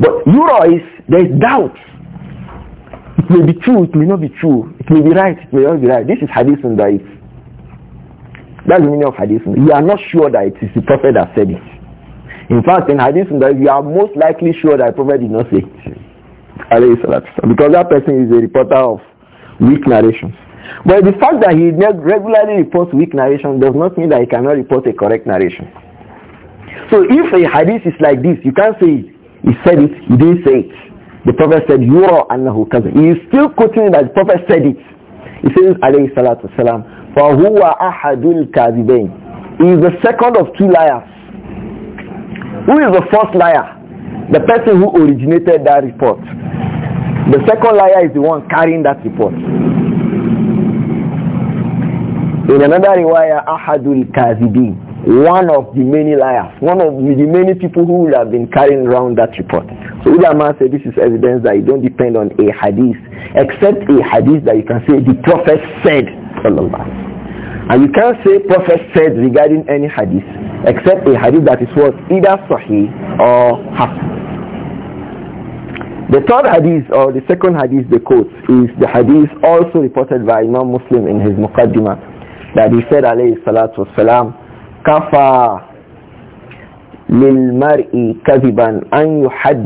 [SPEAKER 1] but يرى is there is doubt it may be true it may not be true it may be right it may not be right this is hadith and daif that's the meaning of hadith you are not sure that it is the prophet that said it in fact, in hadith, you are most likely sure that Prophet did not say because that person is a reporter of weak narrations. But the fact that he regularly reports weak narration does not mean that he cannot report a correct narration. So if a hadith is like this, you can't say it. He said it, he didn't say it. The Prophet said, you are Allah He is still quoting that the Prophet said it. He says, alayhi salatu salam, are Ahadul الْكَاذِبَيْنِ He is the second of two liars. Who is the first liar? The person who originated that report. The second liar is the one carrying that report.
[SPEAKER 2] In
[SPEAKER 1] another riwayah, Ahadul Kazibin, one of the many liars, one of the many people who would have been carrying around that report. So Ulama said this is evidence that you don't depend on a hadith, except a hadith that you can say the Prophet said. And you can't say prophet said regarding any hadith except a hadith that is what either sahih or hasan. The third hadith or the second hadith they quote is the hadith also reported by Imam Muslim in his Muqaddimah that he said alayhi salatu wasalam kafa للمرء an أن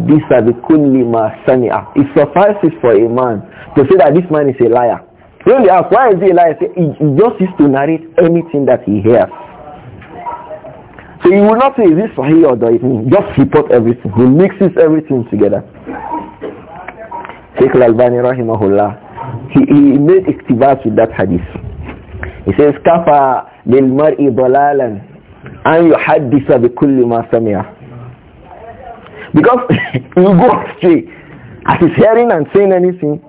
[SPEAKER 1] bi kulli ma سمع It suffices for a man to say that this man is a liar when they ask, why is he a He just used to narrate anything that he hears. So he will not say, is this he or Daif? Just put everything. He mixes everything together. Sheikh Al-Albani rahimahullah, he, he made iktibas with that hadith. He says, كَفَى لِلْمَرْءِ ضَلَالًا أَنْ يُحَدِّثَ بِكُلِّ مَا سَمِعَ Because you go astray. As he's hearing and saying anything,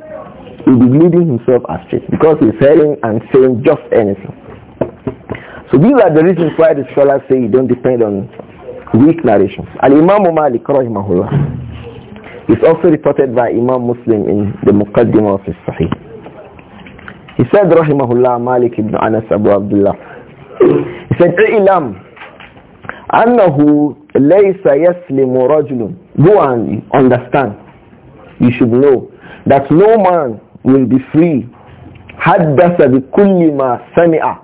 [SPEAKER 1] he'll be leading himself astray because he's hearing and saying just anything. So these are the reasons why the scholars say you don't depend on weak narrations. Al-Imam Malik rahimahullah It's also reported by Imam Muslim in the Mukaddimah of his Sahih. He said rahimahullah Malik ibn Anas Abu Abdullah. He said, "Ilam أنه ليس يسلم رجل Go and understand. You should know that no man will be free. Haddasa bi kulli ma sami'a.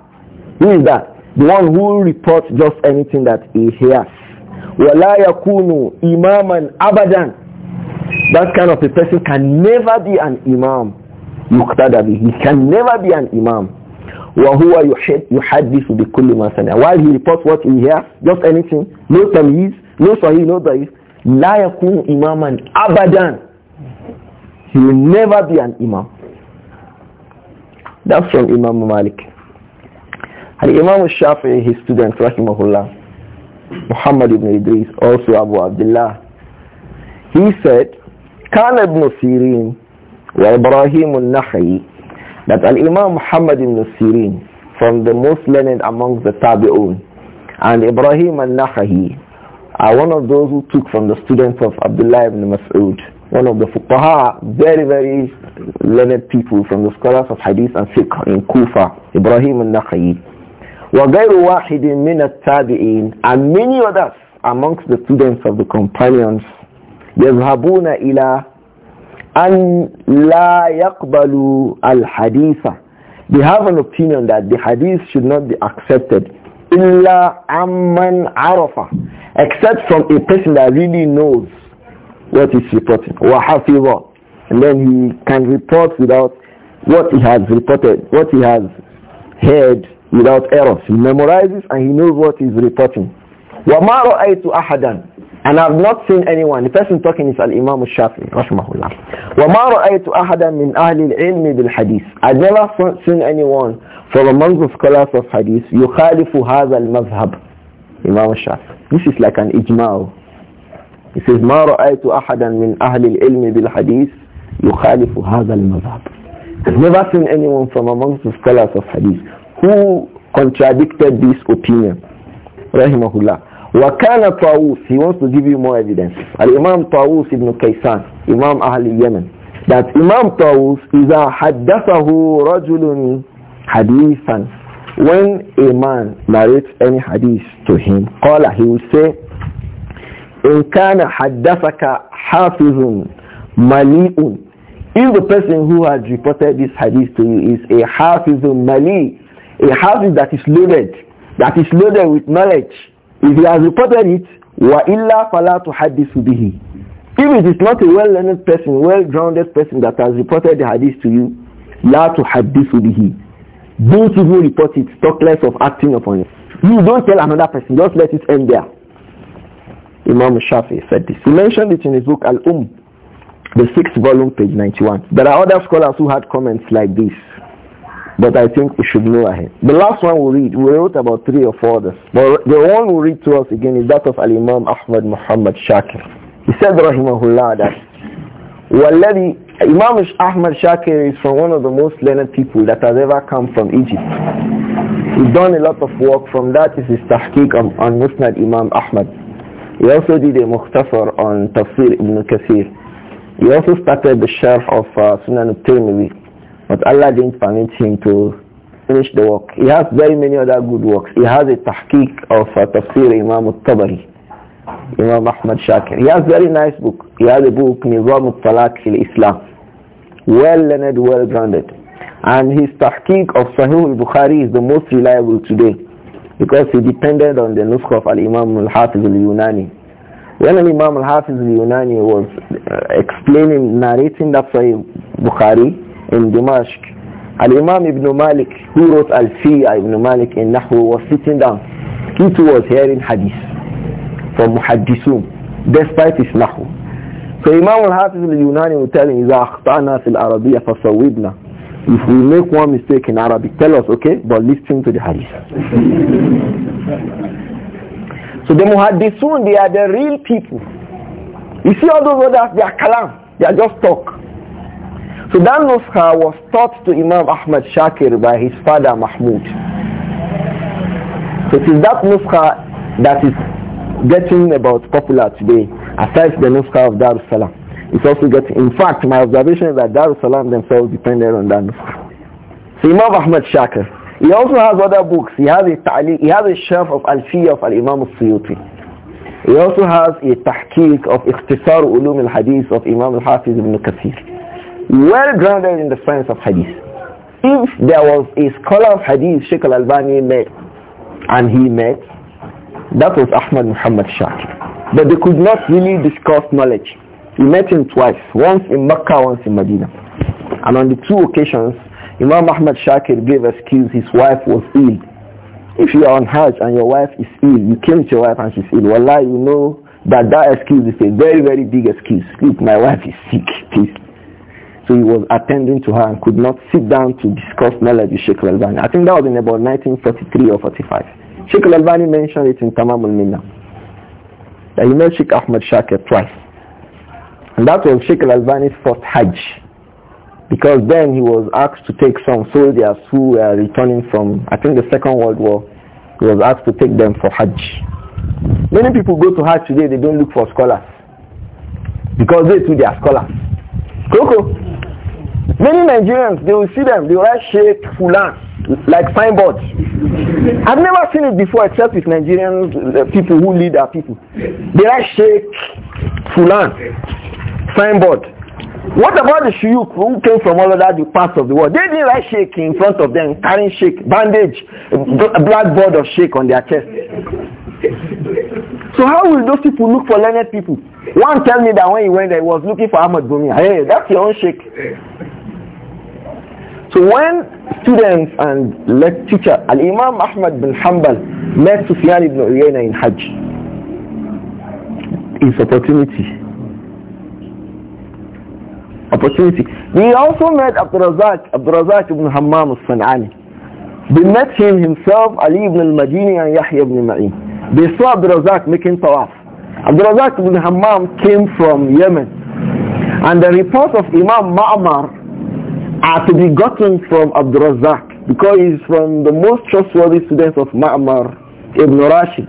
[SPEAKER 1] Who is that? The one who reports just anything that he hears. Wala yakunu imaman abadan. That kind of a person can never be an imam. Muqtada He can never be an imam. وهو يحدث بكل ما سمع while he reports what he hears just anything no tamyiz no sahih no daif لا imam إماما abadan. he will never be an imam that's from Imam Malik. And Imam Shafi'i, his student, Rahimahullah, Muhammad ibn Idris, also Abu Abdullah, he said, كان ابن سيرين وإبراهيم النحي that Al-Imam Muhammad ibn Sirin from the most learned among the Tabi'un and Ibrahim al-Nahahi are one of those who took from the students of Abdullah ibn Mas'ud one of the fuqaha, very, very learned people from the scholars of hadith and fiqh in Kufa, Ibrahim al-Naqi. وَغَيْرُ وَاحِدٍ مِنَ التَّابِعِينَ And many others amongst the students of the companions يذهبون إلى أن لا يقبلوا الحديث They have an opinion that the hadith should not be accepted إلا عمن عرف except from a person that really knows what is reporting. وَحَفِظَ And then he can report without what he has reported, what he has heard without errors. He memorizes and he knows what he is reporting. وَمَا رَأَيْتُ أَحَدًا And I've not seen anyone. The person talking is Al-Imam Shafi, rahmahullah. وَمَا رَأَيْتُ أَحَدًا مِنْ أَهْلِ الْعِلْمِ بِالْحَدِيثِ I've never seen anyone from among the scholars of hadith يُخَالِفُ هَذَا الْمَذْهَبِ Imam Al-Shafi'i. This is like an ijma'. He says, ما رأيت أحدا من أهل العلم بالحديث يخالف هذا المذهب. I've never seen anyone from amongst the scholars of hadith who contradicted this opinion. Rahimahullah. وكان طاووس he wants to give you more evidence الإمام طاووس ابن كيسان إمام أهل اليمن that Imam طاووس إذا حدثه رجل حديثا when a man narrates any hadith to him قال he will say in kana haddathaka hafizun mali'un if the person who has reported this hadith to you is a hafizun mali a hafiz that is loaded that is loaded with knowledge if he has reported it wa illa fala tuhaddithu bihi if it is not a well-learned person well-grounded person that has reported the hadith to you la tuhaddithu bihi don't even report it talk less of acting upon it you don't tell another person just let it end there Imam Shafi said this. He mentioned it in his book Al-Um, the sixth volume, page 91. There are other scholars who had comments like this, but I think we should move ahead. The last one we read, we wrote about three or four others. But the one we read to us again is that of Al-Imam Ahmad Muhammad Shakir. He said, Rahimahullah, that Walladhi, Imam Ahmad Shakir is from one of the most learned people that has ever come from Egypt. He's done a lot of work from that is his tahqiq on, on Musnad Imam Ahmad. He also did a mukhtasar on Tafsir ibn Kathir. He also started the sharh of uh, Sunan al-Tirmidhi, but Allah didn't permit him to finish the work. He has very many other good works. He has a tahqiq of uh, Tafsir Imam al-Tabari, Imam Ahmad Shakir. He has very nice book. He has a book, Nizam al-Talaq islam Well-learned, well-grounded. And his tahqiq of Sahih al-Bukhari is the most reliable today because he depended on the nuskh of al-Imam al-Hafiz al-Yunani. When al-Imam al-Hafiz al-Yunani was uh, explaining, narrating that Sahih Bukhari in Dimashq, al-Imam ibn Malik, who wrote al-Fi'a ibn Malik in Nahu, was sitting down. He too was hearing hadith from muhaddithun, despite his nahu. So Imam al-Hafiz al-Yunani would tell him, إِذَا أَخْطَعْنَا فِي الْعَرَبِيَّةِ فَصَوِّبْنَا if we make one mistake in Arabic, tell us, okay, but listen to the hadith. so the muhaddithun, they are the real people. You see all those others, they are kalam. They are just talk. So that nuskha was taught to Imam Ahmad Shakir by his father Mahmud. So it is that nuskha that is getting about popular today, aside the nuskha of Darussalam. It's also getting, in fact, my observation is that Darussalam Salam themselves depended on that. So Imam Ahmad Shakir, he also has other books. He has a ta'li, he has a shelf of Alfiya of Al-Imam al-Suyuti. He also has a tahqiq of Iqtisar Ulum al-Hadith of Imam al-Hafiz ibn Kathir. Well grounded in the science of Hadith. If there was a scholar of Hadith Sheikh al-Albani met, and he met, that was Ahmad Muhammad Shakir. But they could not really discuss knowledge. He met him twice, once in Mecca, once in Medina. And on the two occasions, Imam Ahmad Shakir gave excuse his wife was ill. If you are on Hajj and your wife is ill, you came to your wife and she's ill, Wallah, you know that that excuse is a very, very big excuse. Look, my wife is sick, please. So he was attending to her and could not sit down to discuss knowledge with Sheikh Al-Albani. I think that was in about 1943 or 45. Sheikh Al-Albani mentioned it in Tamam al-Minna. That he met Sheikh Ahmad Shakir twice. And that was Sheikh al-Albani's first Hajj. Because then he was asked to take some soldiers who were returning from, I think, the Second World War. He was asked to take them for Hajj. Many people go to Hajj today, they don't look for scholars. Because they too, they are scholars. Coco. Many Nigerians, they will see them, they will write Sheikh Fulan, like signboards. I've never seen it before except with Nigerian uh, people who lead our people. They write Sheikh
[SPEAKER 2] Fulan
[SPEAKER 1] signboard. What about the shuyuk who came from all other parts of the world? They didn't write shake in front of them, carrying shake bandage, blackboard of shake on their chest. So how will those people look for learned people? One tell me that when he went there, he was looking for Ahmad Gumi. Hey, that's your own shake. So when students and teacher Al-Imam Ahmad bin Hanbal met Sufyan ibn Uyayna in Hajj, his opportunity opportunity. We also met Abdurrazak Abdurrazak ibn Hammam al-San'ani. They met him himself, Ali ibn al-Madini and Yahya ibn Ma'in. They saw Abdurrazak making tawaf. Abdurrazak ibn Hammam came from Yemen. And the report of Imam Ma'mar are to be gotten from Abdurrazak because because is from the most trustworthy students of Ma'mar ibn Rashid.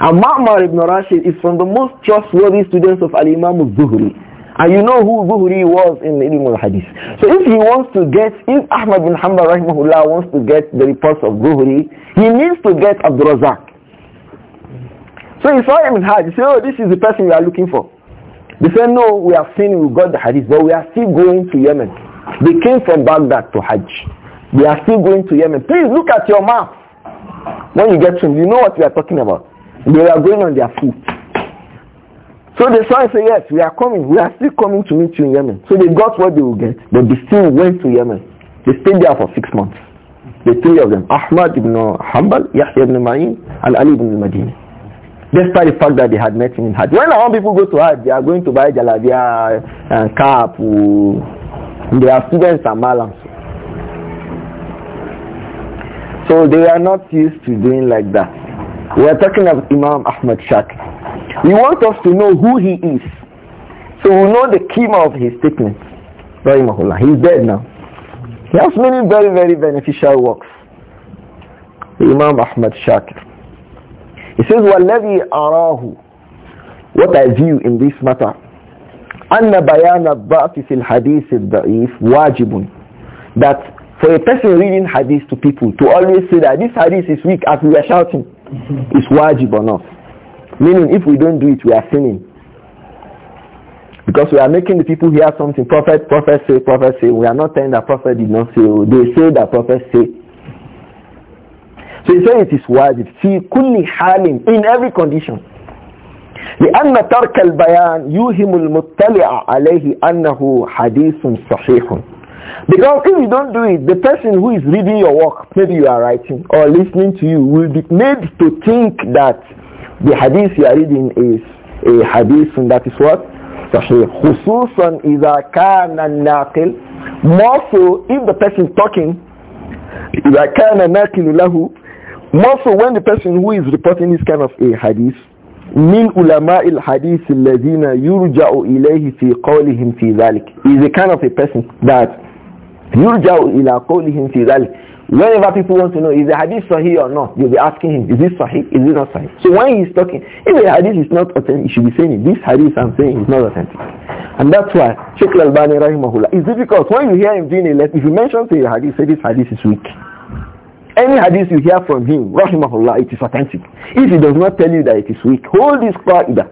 [SPEAKER 1] And Ma'mar ibn Rashid is from the most trustworthy students of Al-Imam al-Zuhri. And you know who Zuhri was in Ilm al-Hadith. So if he wants to get, if Ahmad bin Hanbal rahimahullah wants to get the reports of Zuhri, he needs to get Abdul Razak. So he saw him in Hajj. He said, oh, this is the person we are looking for. They said, no, we have seen, we got the Hadith, but we are still going to Yemen. They came from Baghdad to Hajj. They are still going to Yemen. Please look at your map. When you get to him, you know what we are talking about. They are going on their foot. So they saw said, yes, we are coming. We are still coming to meet you in Yemen. So they got what they would get, but they still went to Yemen. They stayed there for six months. The three of them, Ahmad ibn Hanbal, Yahya ibn Ma'in, and Ali ibn Madini. Despite the fact that they had met him in Hajj. When our people go to Hajj, they are going to buy jalabia and uh, cap. Uh, they are students and malams. So they are not used to doing like that. We are talking of Imam Ahmad Shakir. We want us to know who he is. So we know the kima of his statement. Rahimahullah. He's dead now. He has many very, very beneficial works. Imam Ahmad Shakir. He says, وَالَّذِي أَرَاهُ What I view in this matter. أَنَّ بَيَانَ الضَّعْفِ فِي الْحَدِيثِ الضَّعِيفِ wajibun. That for a person reading hadith to people, to always say that this hadith is weak as we are shouting, is wajib on us. Meaning, if we don't do it, we are sinning. Because we are making the people hear something. Prophet, prophet say, prophet say. We are not saying that prophet did not say. They say that prophet say. So he said it is wajib. See, kulli halim, in every condition. لأن ترك البيان يوهم المطلع عليه أنه حديث صحيح because if you don't do it, the person who is reading your work, maybe you are writing or listening to you, will be made to think that the hadith you are reading is a hadith and that is what? Sahih. خصوصا إذا كان الناقل more so if the person talking إذا كان الناقل له more so when the person who is reporting this kind of a hadith من علماء الحديث الذين يرجع إليه في قولهم في ذلك is a kind of a person that يرجع إلى قولهم في ذلك Whenever people want to know, is the hadith sahih or not, you'll be asking him, is this sahih, is it not sahih? So when he's talking, if the hadith is not authentic, he should be saying, this hadith I'm saying is not authentic. And that's why Sheikh al-Bani rahimahullah, it's difficult. When you hear him doing a lesson, if you mention to hadith, say this hadith is weak. Any hadith you hear from him, rahimahullah, it is authentic. If he does not tell you that it is weak, hold this qaida.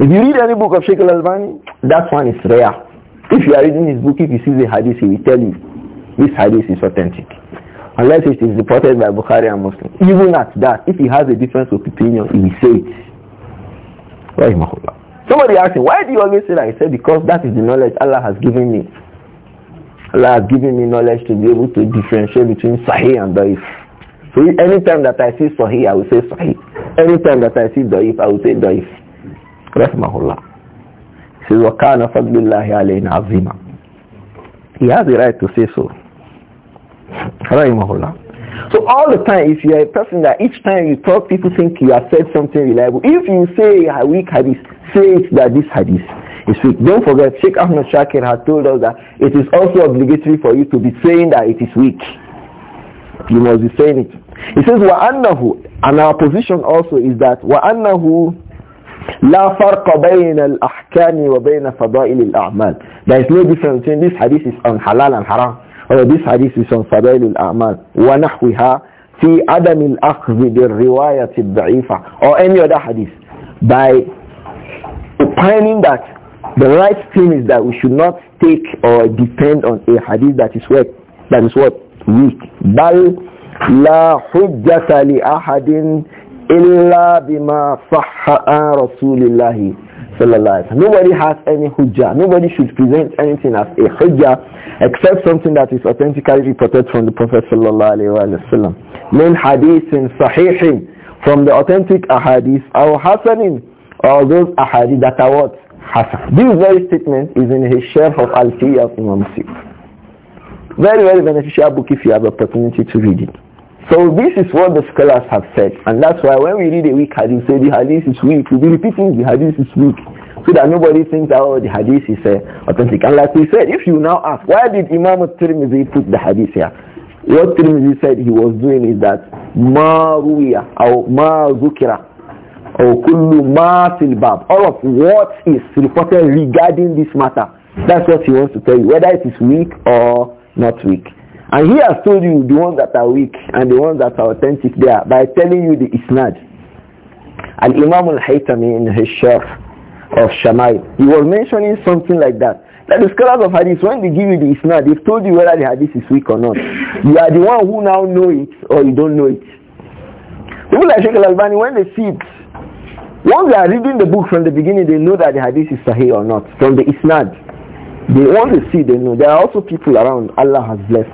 [SPEAKER 1] If you read any book of Sheikh al-bani that one is rare. If you are reading his book, if you see the hadith, he will tell you. This hadith is authentic. Unless it is reported by Bukhari and Muslim. Even at that, if he has a difference of opinion, he will say it. Somebody asked him, why do you always say that? He said, because that is the knowledge Allah has given me. Allah has given me knowledge to be able to differentiate between Sahih and Da'if. So anytime that I see Sahih, I will say Sahih. Anytime that I see Da'if, I will say Da'if. Rahmahullah. He says, وَكَانَ فَضْلُ اللَّهِ عَلَيْنَا عَظِيمًا He has the right to say so. So all the time, if you are a person that each time you talk, people think you have said something reliable. If you say a weak hadith, say it that this hadith is weak. Don't forget, Sheikh Ahmed Shakir has told us that it is also obligatory for you to be saying that it is weak. You must be saying it. He says, وَأَنَّهُ And our position also is that وَأَنَّهُ لا فرق بين الأحكام وبين فضائل الأعمال. There is no difference between this hadith is on halal and haram uh, this hadith is on Fadail al-A'mal wa nahwiha fi adam al-akhz bil-riwayat al-da'ifa or any other hadith by opining that the right thing is that we should not take or depend on a hadith that is weak that is what weak bal la hujjata li ahadin illa bima رسول الله. Nobody has any hujjah. Nobody should present anything as a hujjah except something that is authentically reported from the Prophet sallallahu alayhi wa Min hadithin sahihin from the authentic ahadith or hasanin or those ahadith that are what? Hasan. This very statement is in his shelf of Al-Fiyah of Imam Sif. Very, very beneficial book if you have opportunity to read it. So this is what the scholars have said. And that's why when we read a weak hadith, say the hadith is weak. We'll be repeating the hadith is weak. So that nobody thinks that oh, the hadith is uh, authentic. And like we said, if you now ask, why did Imam al-Tirmidhi put the hadith here? What Tirmidhi said he was doing is that ma ruya or ma zukira or kullu ma silbab. All of what is reported regarding this matter. That's what he wants to tell you, whether it is weak or not weak. And he has told you the ones that are weak and the ones that are authentic there by telling you the isnad. And Imam al-Haytami in his Sharh of Shamai, he was mentioning something like that. That the scholars of hadith, when they give you the isnad, they've told you whether the hadith is weak or not. You are the one who now know it or you don't know it. People like Sheikh al-Albani, when they see it, once they are reading the book from the beginning, they know that the hadith is sahih or not, from the isnad. They want to see, they know. There are also people around, Allah has blessed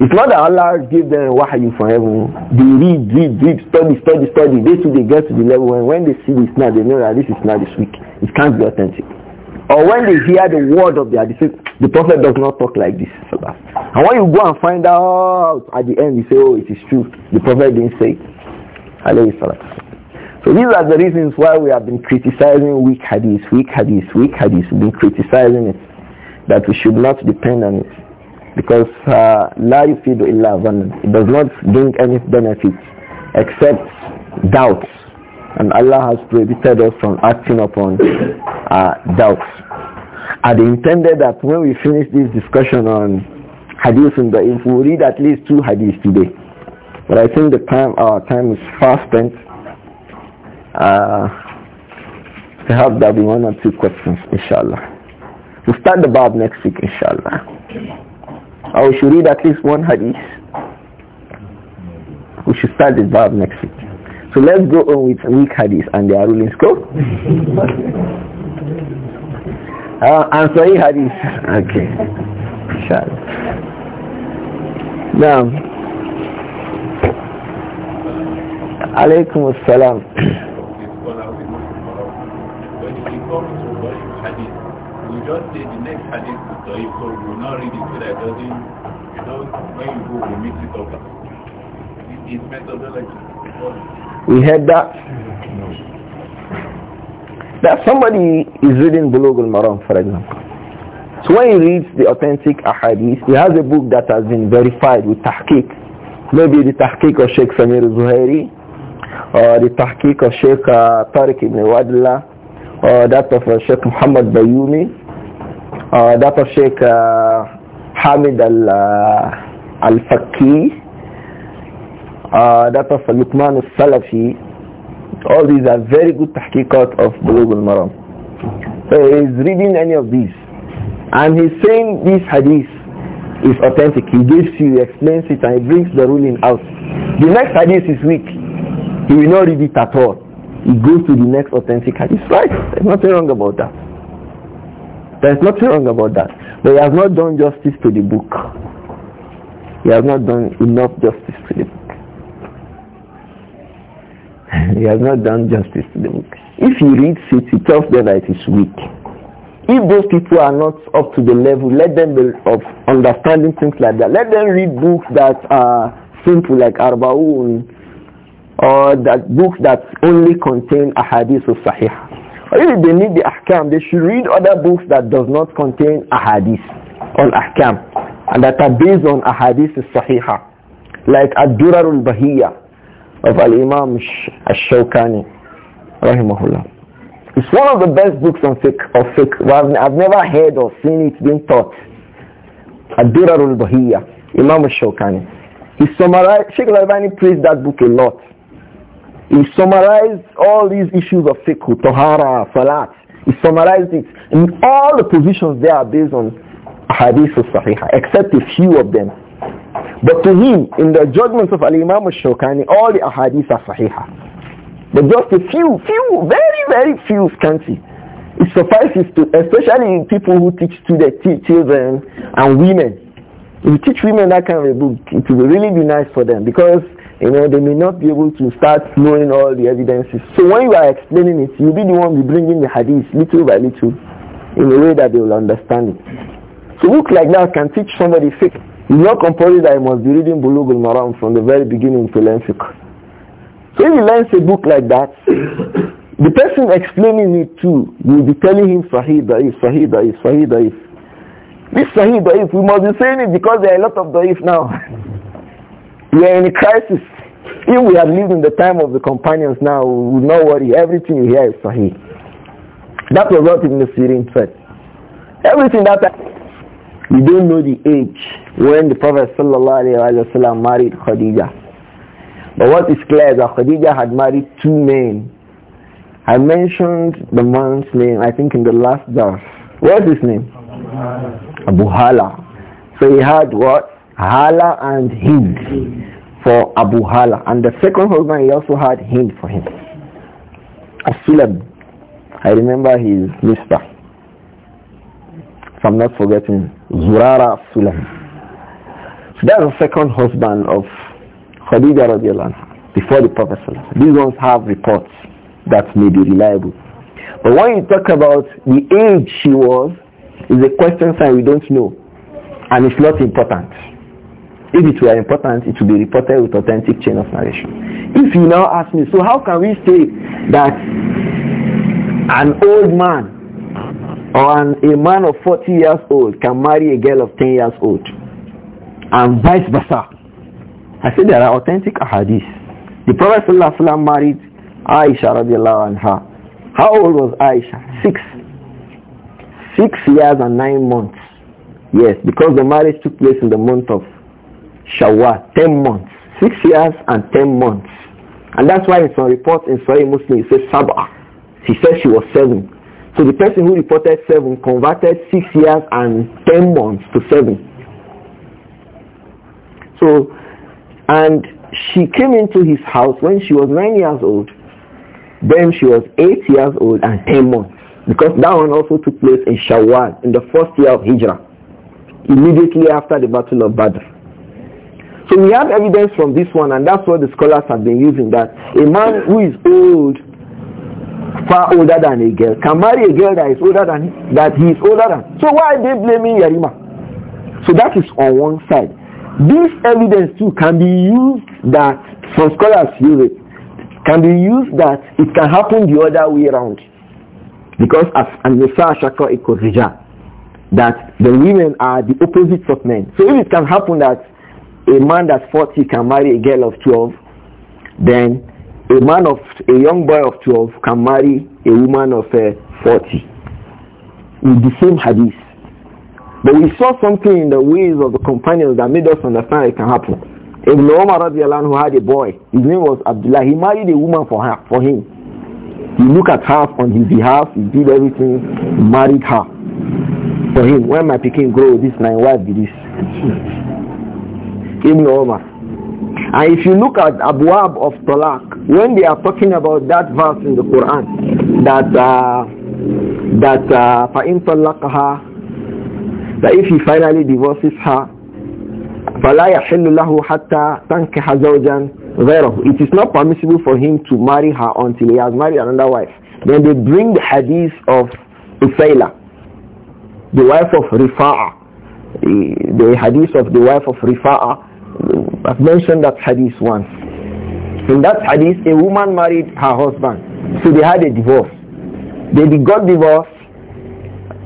[SPEAKER 1] it's not that Allah gave them wahyu from heaven. They read, read, read, study, study, study. They too, they get to the level when, when they see this now, they know that this is not this week. It can't be authentic. Or when they hear the word of their disciple, the prophet does not talk like this. And when you go and find out at the end, you say, oh, it is true. The prophet didn't say it. So these are the reasons why we have been criticizing weak hadith, weak hadith, weak hadith. We've been criticizing it. That we should not depend on it because uh, la yufidu illa It does not bring any benefits except doubts. And Allah has prohibited us from acting upon uh, doubts. I intended that when we finish this discussion on hadith and if we read at least two hadiths today. But I think the time our time is fast spent. Uh, perhaps there be one or two questions, inshallah. We'll start the bab next week, inshallah. I should read at least one hadith. We should start the bab next week. So let's go on with weak hadith and their rulings. Go. uh, and sorry hadith. Okay. Now. Alaykum as-salam.
[SPEAKER 2] just say the next hadith is Daif that you know, when you go, you it up. It is methodology.
[SPEAKER 1] We heard that. That somebody is reading Bulugh al-Maram, for example. So when he reads the authentic ahadith, he has a book that has been verified with tahqiq. Maybe the tahqiq of Sheikh Samir Zuhairi, or the tahqiq of Sheikh uh, Tariq ibn Wadla, or that of uh, Sheikh Muhammad Bayoumi, uh, that of Sheikh uh, Hamid al uh, al Faqi, uh, that of Luqman al Salafi. All these are very good tahqiqat of Bulugh al Maram. So he is reading any of these, and he's saying this hadith is authentic. He gives you, he explains it, and he brings the ruling out. The next hadith is weak. He will not read it at all. He goes to the next authentic hadith. Right? There's nothing wrong about that. There is nothing wrong about that. But he has not done justice to the book. He has not done enough justice to the book. he has not done justice to the book. If he reads it, he tells them that it is weak. If those people are not up to the level, let them be of understanding things like that. Let them read books that are simple like Arbaun or that books that only contain hadith of Sahih if they need the ahkam, they should read other books that does not contain ahadith on ahkam and that are based on ahadith sahiha like Ad-Durar al-Bahiyya of Al-Imam Ash-Shawkani rahimahullah. It's one of the best books on fiqh, of fiqh. Well, I've never heard or seen it being taught. Ad-Durar al-Bahiyya, Imam Ash-Shawkani. He summarized, Sheikh praised that book a lot. He summarized all these issues of fiqh, tahara, salat. He summarized it. And all the positions there are based on hadith of sahih, except a few of them. But to him, in the judgments of Al-Imam al all the ahadith are sahih. But just a few, few, very, very few scanty. It suffices to, especially in people who teach to their children and women. If you teach women that kind of a book, it will really be nice for them because you know, they may not be able to start knowing all the evidences. So when you are explaining it, you'll be the one be bringing the hadith little by little in a way that they will understand it. So book like that can teach somebody fiqh. It's not compulsory that he must be reading Bulugul Maram from the very beginning to learn fiqh. So if he learns a book like that, the person explaining it to will be telling him Sahih Da'if, Sahih Da'if, Sahih Da'if. This Sahih Da'if, we must be saying it because there are a lot of Da'if now. We are in a crisis. If we are lived in the time of the companions now, we would not worry. Everything you hear is Sahih. That was not in the Syrian said. Everything that we don't know the age when the Prophet ﷺ married Khadija. But what is clear is that Khadija had married two men. I mentioned the man's name, I think in the last verse. What's his name? Abu Hala. So he had what? Hala and Hind for Abu Hala. And the second husband, he also had Hind for him. Asilam. I remember his mister. If I'm not forgetting, Zurara Sulam. So that's the second husband of Khadija radiallahu anha, before the Prophet These ones have reports that may be reliable. But when you talk about the age she was, is a question sign we don't know. And it's not important. If it were important, it would be reported with authentic chain of narration. If you now ask me, so how can we say that an old man or an, a man of 40 years old can marry a girl of 10 years old and vice versa? I said there are authentic hadiths. The Prophet ﷺ married Aisha radiallahu anha. How old was Aisha? Six. Six years and nine months. Yes, because the marriage took place in the month of Shawwal, 10 months. 6 years and 10 months. And that's why in some reports in Sahih Muslim, it says Sabah. He said she was 7. So the person who reported 7 converted 6 years and 10 months to 7. So, and she came into his house when she was 9 years old. Then she was 8 years old and 10 months. Because that one also took place in Shawwal, in the first year of Hijrah, immediately after the Battle of Badr. So we have evidence from this one, and that's what the scholars have been using, that a man who is old, far older than a girl, can marry a girl that is older than, that he is older than. So why are they blaming Yarima? So that is on one side. This evidence too can be used that, some scholars use it, can be used that it can happen the other way around. Because as An-Nisa Shaka that the women are the opposites of men. So if it can happen that a man that's 40 can marry a girl of 12, then a man of a young boy of 12 can marry a woman of uh, 40 With the same hadith. But we saw something in the ways of the companions that made us understand it can happen. Ibn Umar who had a boy, his name was Abdullah, he married a woman for, her, for him. He looked at her on his behalf, he did everything, he married her for him. When my pikin grow, this my wife did this. Ibn Omar. And if you look at Abuab of Talaq, when they are talking about that verse in the Quran, that uh, that uh, فَإِن طَلَّقَهَا that if he finally divorces her, فَلَا يَحِلُّ لَهُ حَتَّى تَنْكِحَ زَوْجًا غَيْرَهُ It is not permissible for him to marry her until he has married another wife. Then they bring the hadith of Usayla, the wife of Rifa'a, the, the hadith of the wife of Rifa'a, I've mentioned that hadith once. In that hadith, a woman married her husband. So they had a divorce. They got divorced.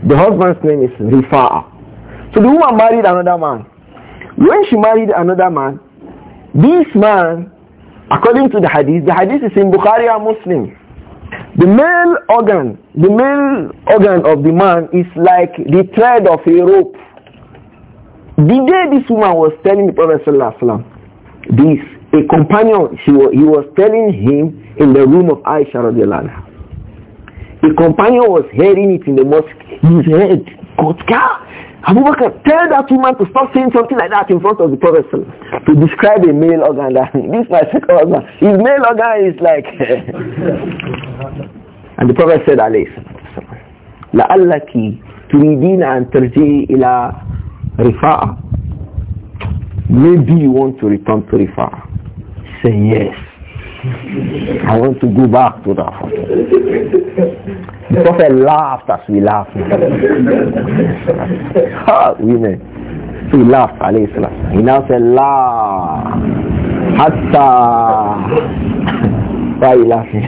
[SPEAKER 1] The husband's name is Rifa'a. So the woman married another man. When she married another man, this man, according to the hadith, the hadith is in Bukhari and Muslim. The male organ, the male organ of the man is like the thread of a rope the day this woman was telling the Prophet this, a companion, she was, he was telling him in the room of Aisha radiallahu anha. A companion was hearing it in the mosque. His head got Abu Bakr, tell that woman to stop saying something like that in front of the Prophet to describe a male organ. this my second organ. His male organ is like... and the Prophet said, alayhi salatu wasalam, لَأَلَّكِ تُرِيدِينَ أَن تَرْجِئِ Rifa'a. Maybe you want to return to Rifa'a. Say
[SPEAKER 2] yes.
[SPEAKER 1] I want to go back to that
[SPEAKER 2] hotel. The
[SPEAKER 1] prophet laughed as we laughed. women. So he laughed, alayhi salam. He now said, La Hatta. Why are you laughing?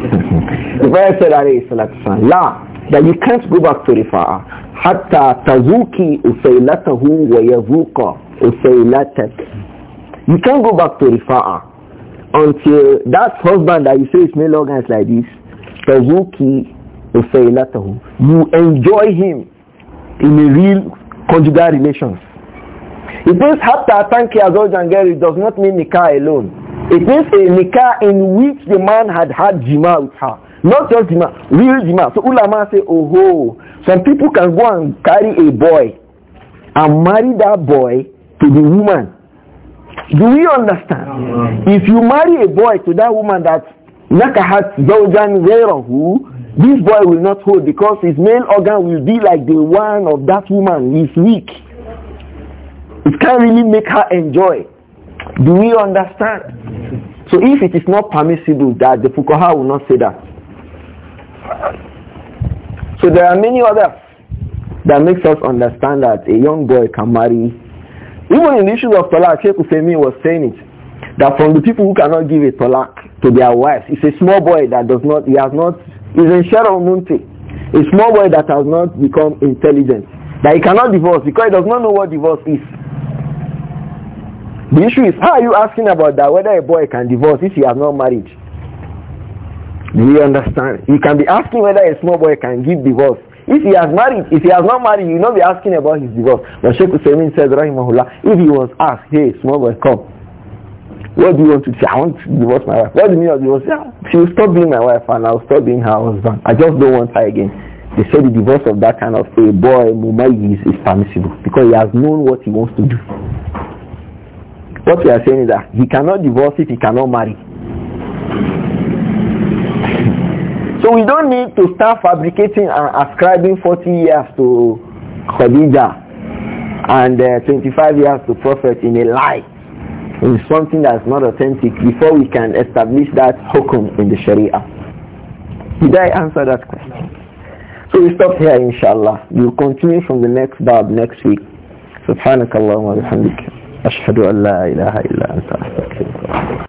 [SPEAKER 1] the prophet said, alayhi salam, La that you can't go back to far. hatta tazuki usailatahu wa yazuqa usailatak you can't go back to far until that husband that you say is no longer like this tazuki usailatahu you enjoy him in a real conjugal relations it means hatta tanki It does not mean nikah alone it means a nikah in which the man had had jima with her not just man, real man. So ulama say, oh ho, some people can go and carry a boy and marry that boy to the woman. Do we
[SPEAKER 2] understand?
[SPEAKER 1] If you marry a boy to that woman that nakahat zawjan who this boy will not hold because his male organ will be like the one of that woman. He's weak. It can't really make her enjoy. Do we understand? So if it is not permissible that the fuqaha will not say that. So there are many others that makes us understand that a young boy can marry. Even in the issue of talak, Sheikh Usemi was saying it, that from the people who cannot give a talak to their wives, it's a small boy that does not, he has not, he's in Sheryl Munti, a small boy that has not become intelligent, that he cannot divorce because he does not know what divorce is. The issue is, how are you asking about that, whether a boy can divorce if he has not married? Do you understand? You can be asking whether a small boy can give divorce. If he has married, if he has not married, you will not be asking about his divorce. But Sheikh Hussein said, Rahimahullah, if he was asked, hey, small boy, come. What do you want to say? I want to divorce my wife. What do you mean of divorce? Yeah, she will stop being my wife and I will stop being her husband. I just don't want her again. They say the divorce of that kind of a boy, mumayis, is permissible because he has known what he wants to do. What we are saying is that he cannot divorce if he cannot marry. So we don't need to start fabricating and ascribing 40 years to Khadija and uh, 25 years to Prophet in a lie. In something that's not authentic before we can establish that hukum in the Sharia. Did I answer that question? So we stop here inshallah. We'll continue from the next bab
[SPEAKER 2] next week. سبحانك اللهم وبحمدك أشهد أن لا إله إلا أنت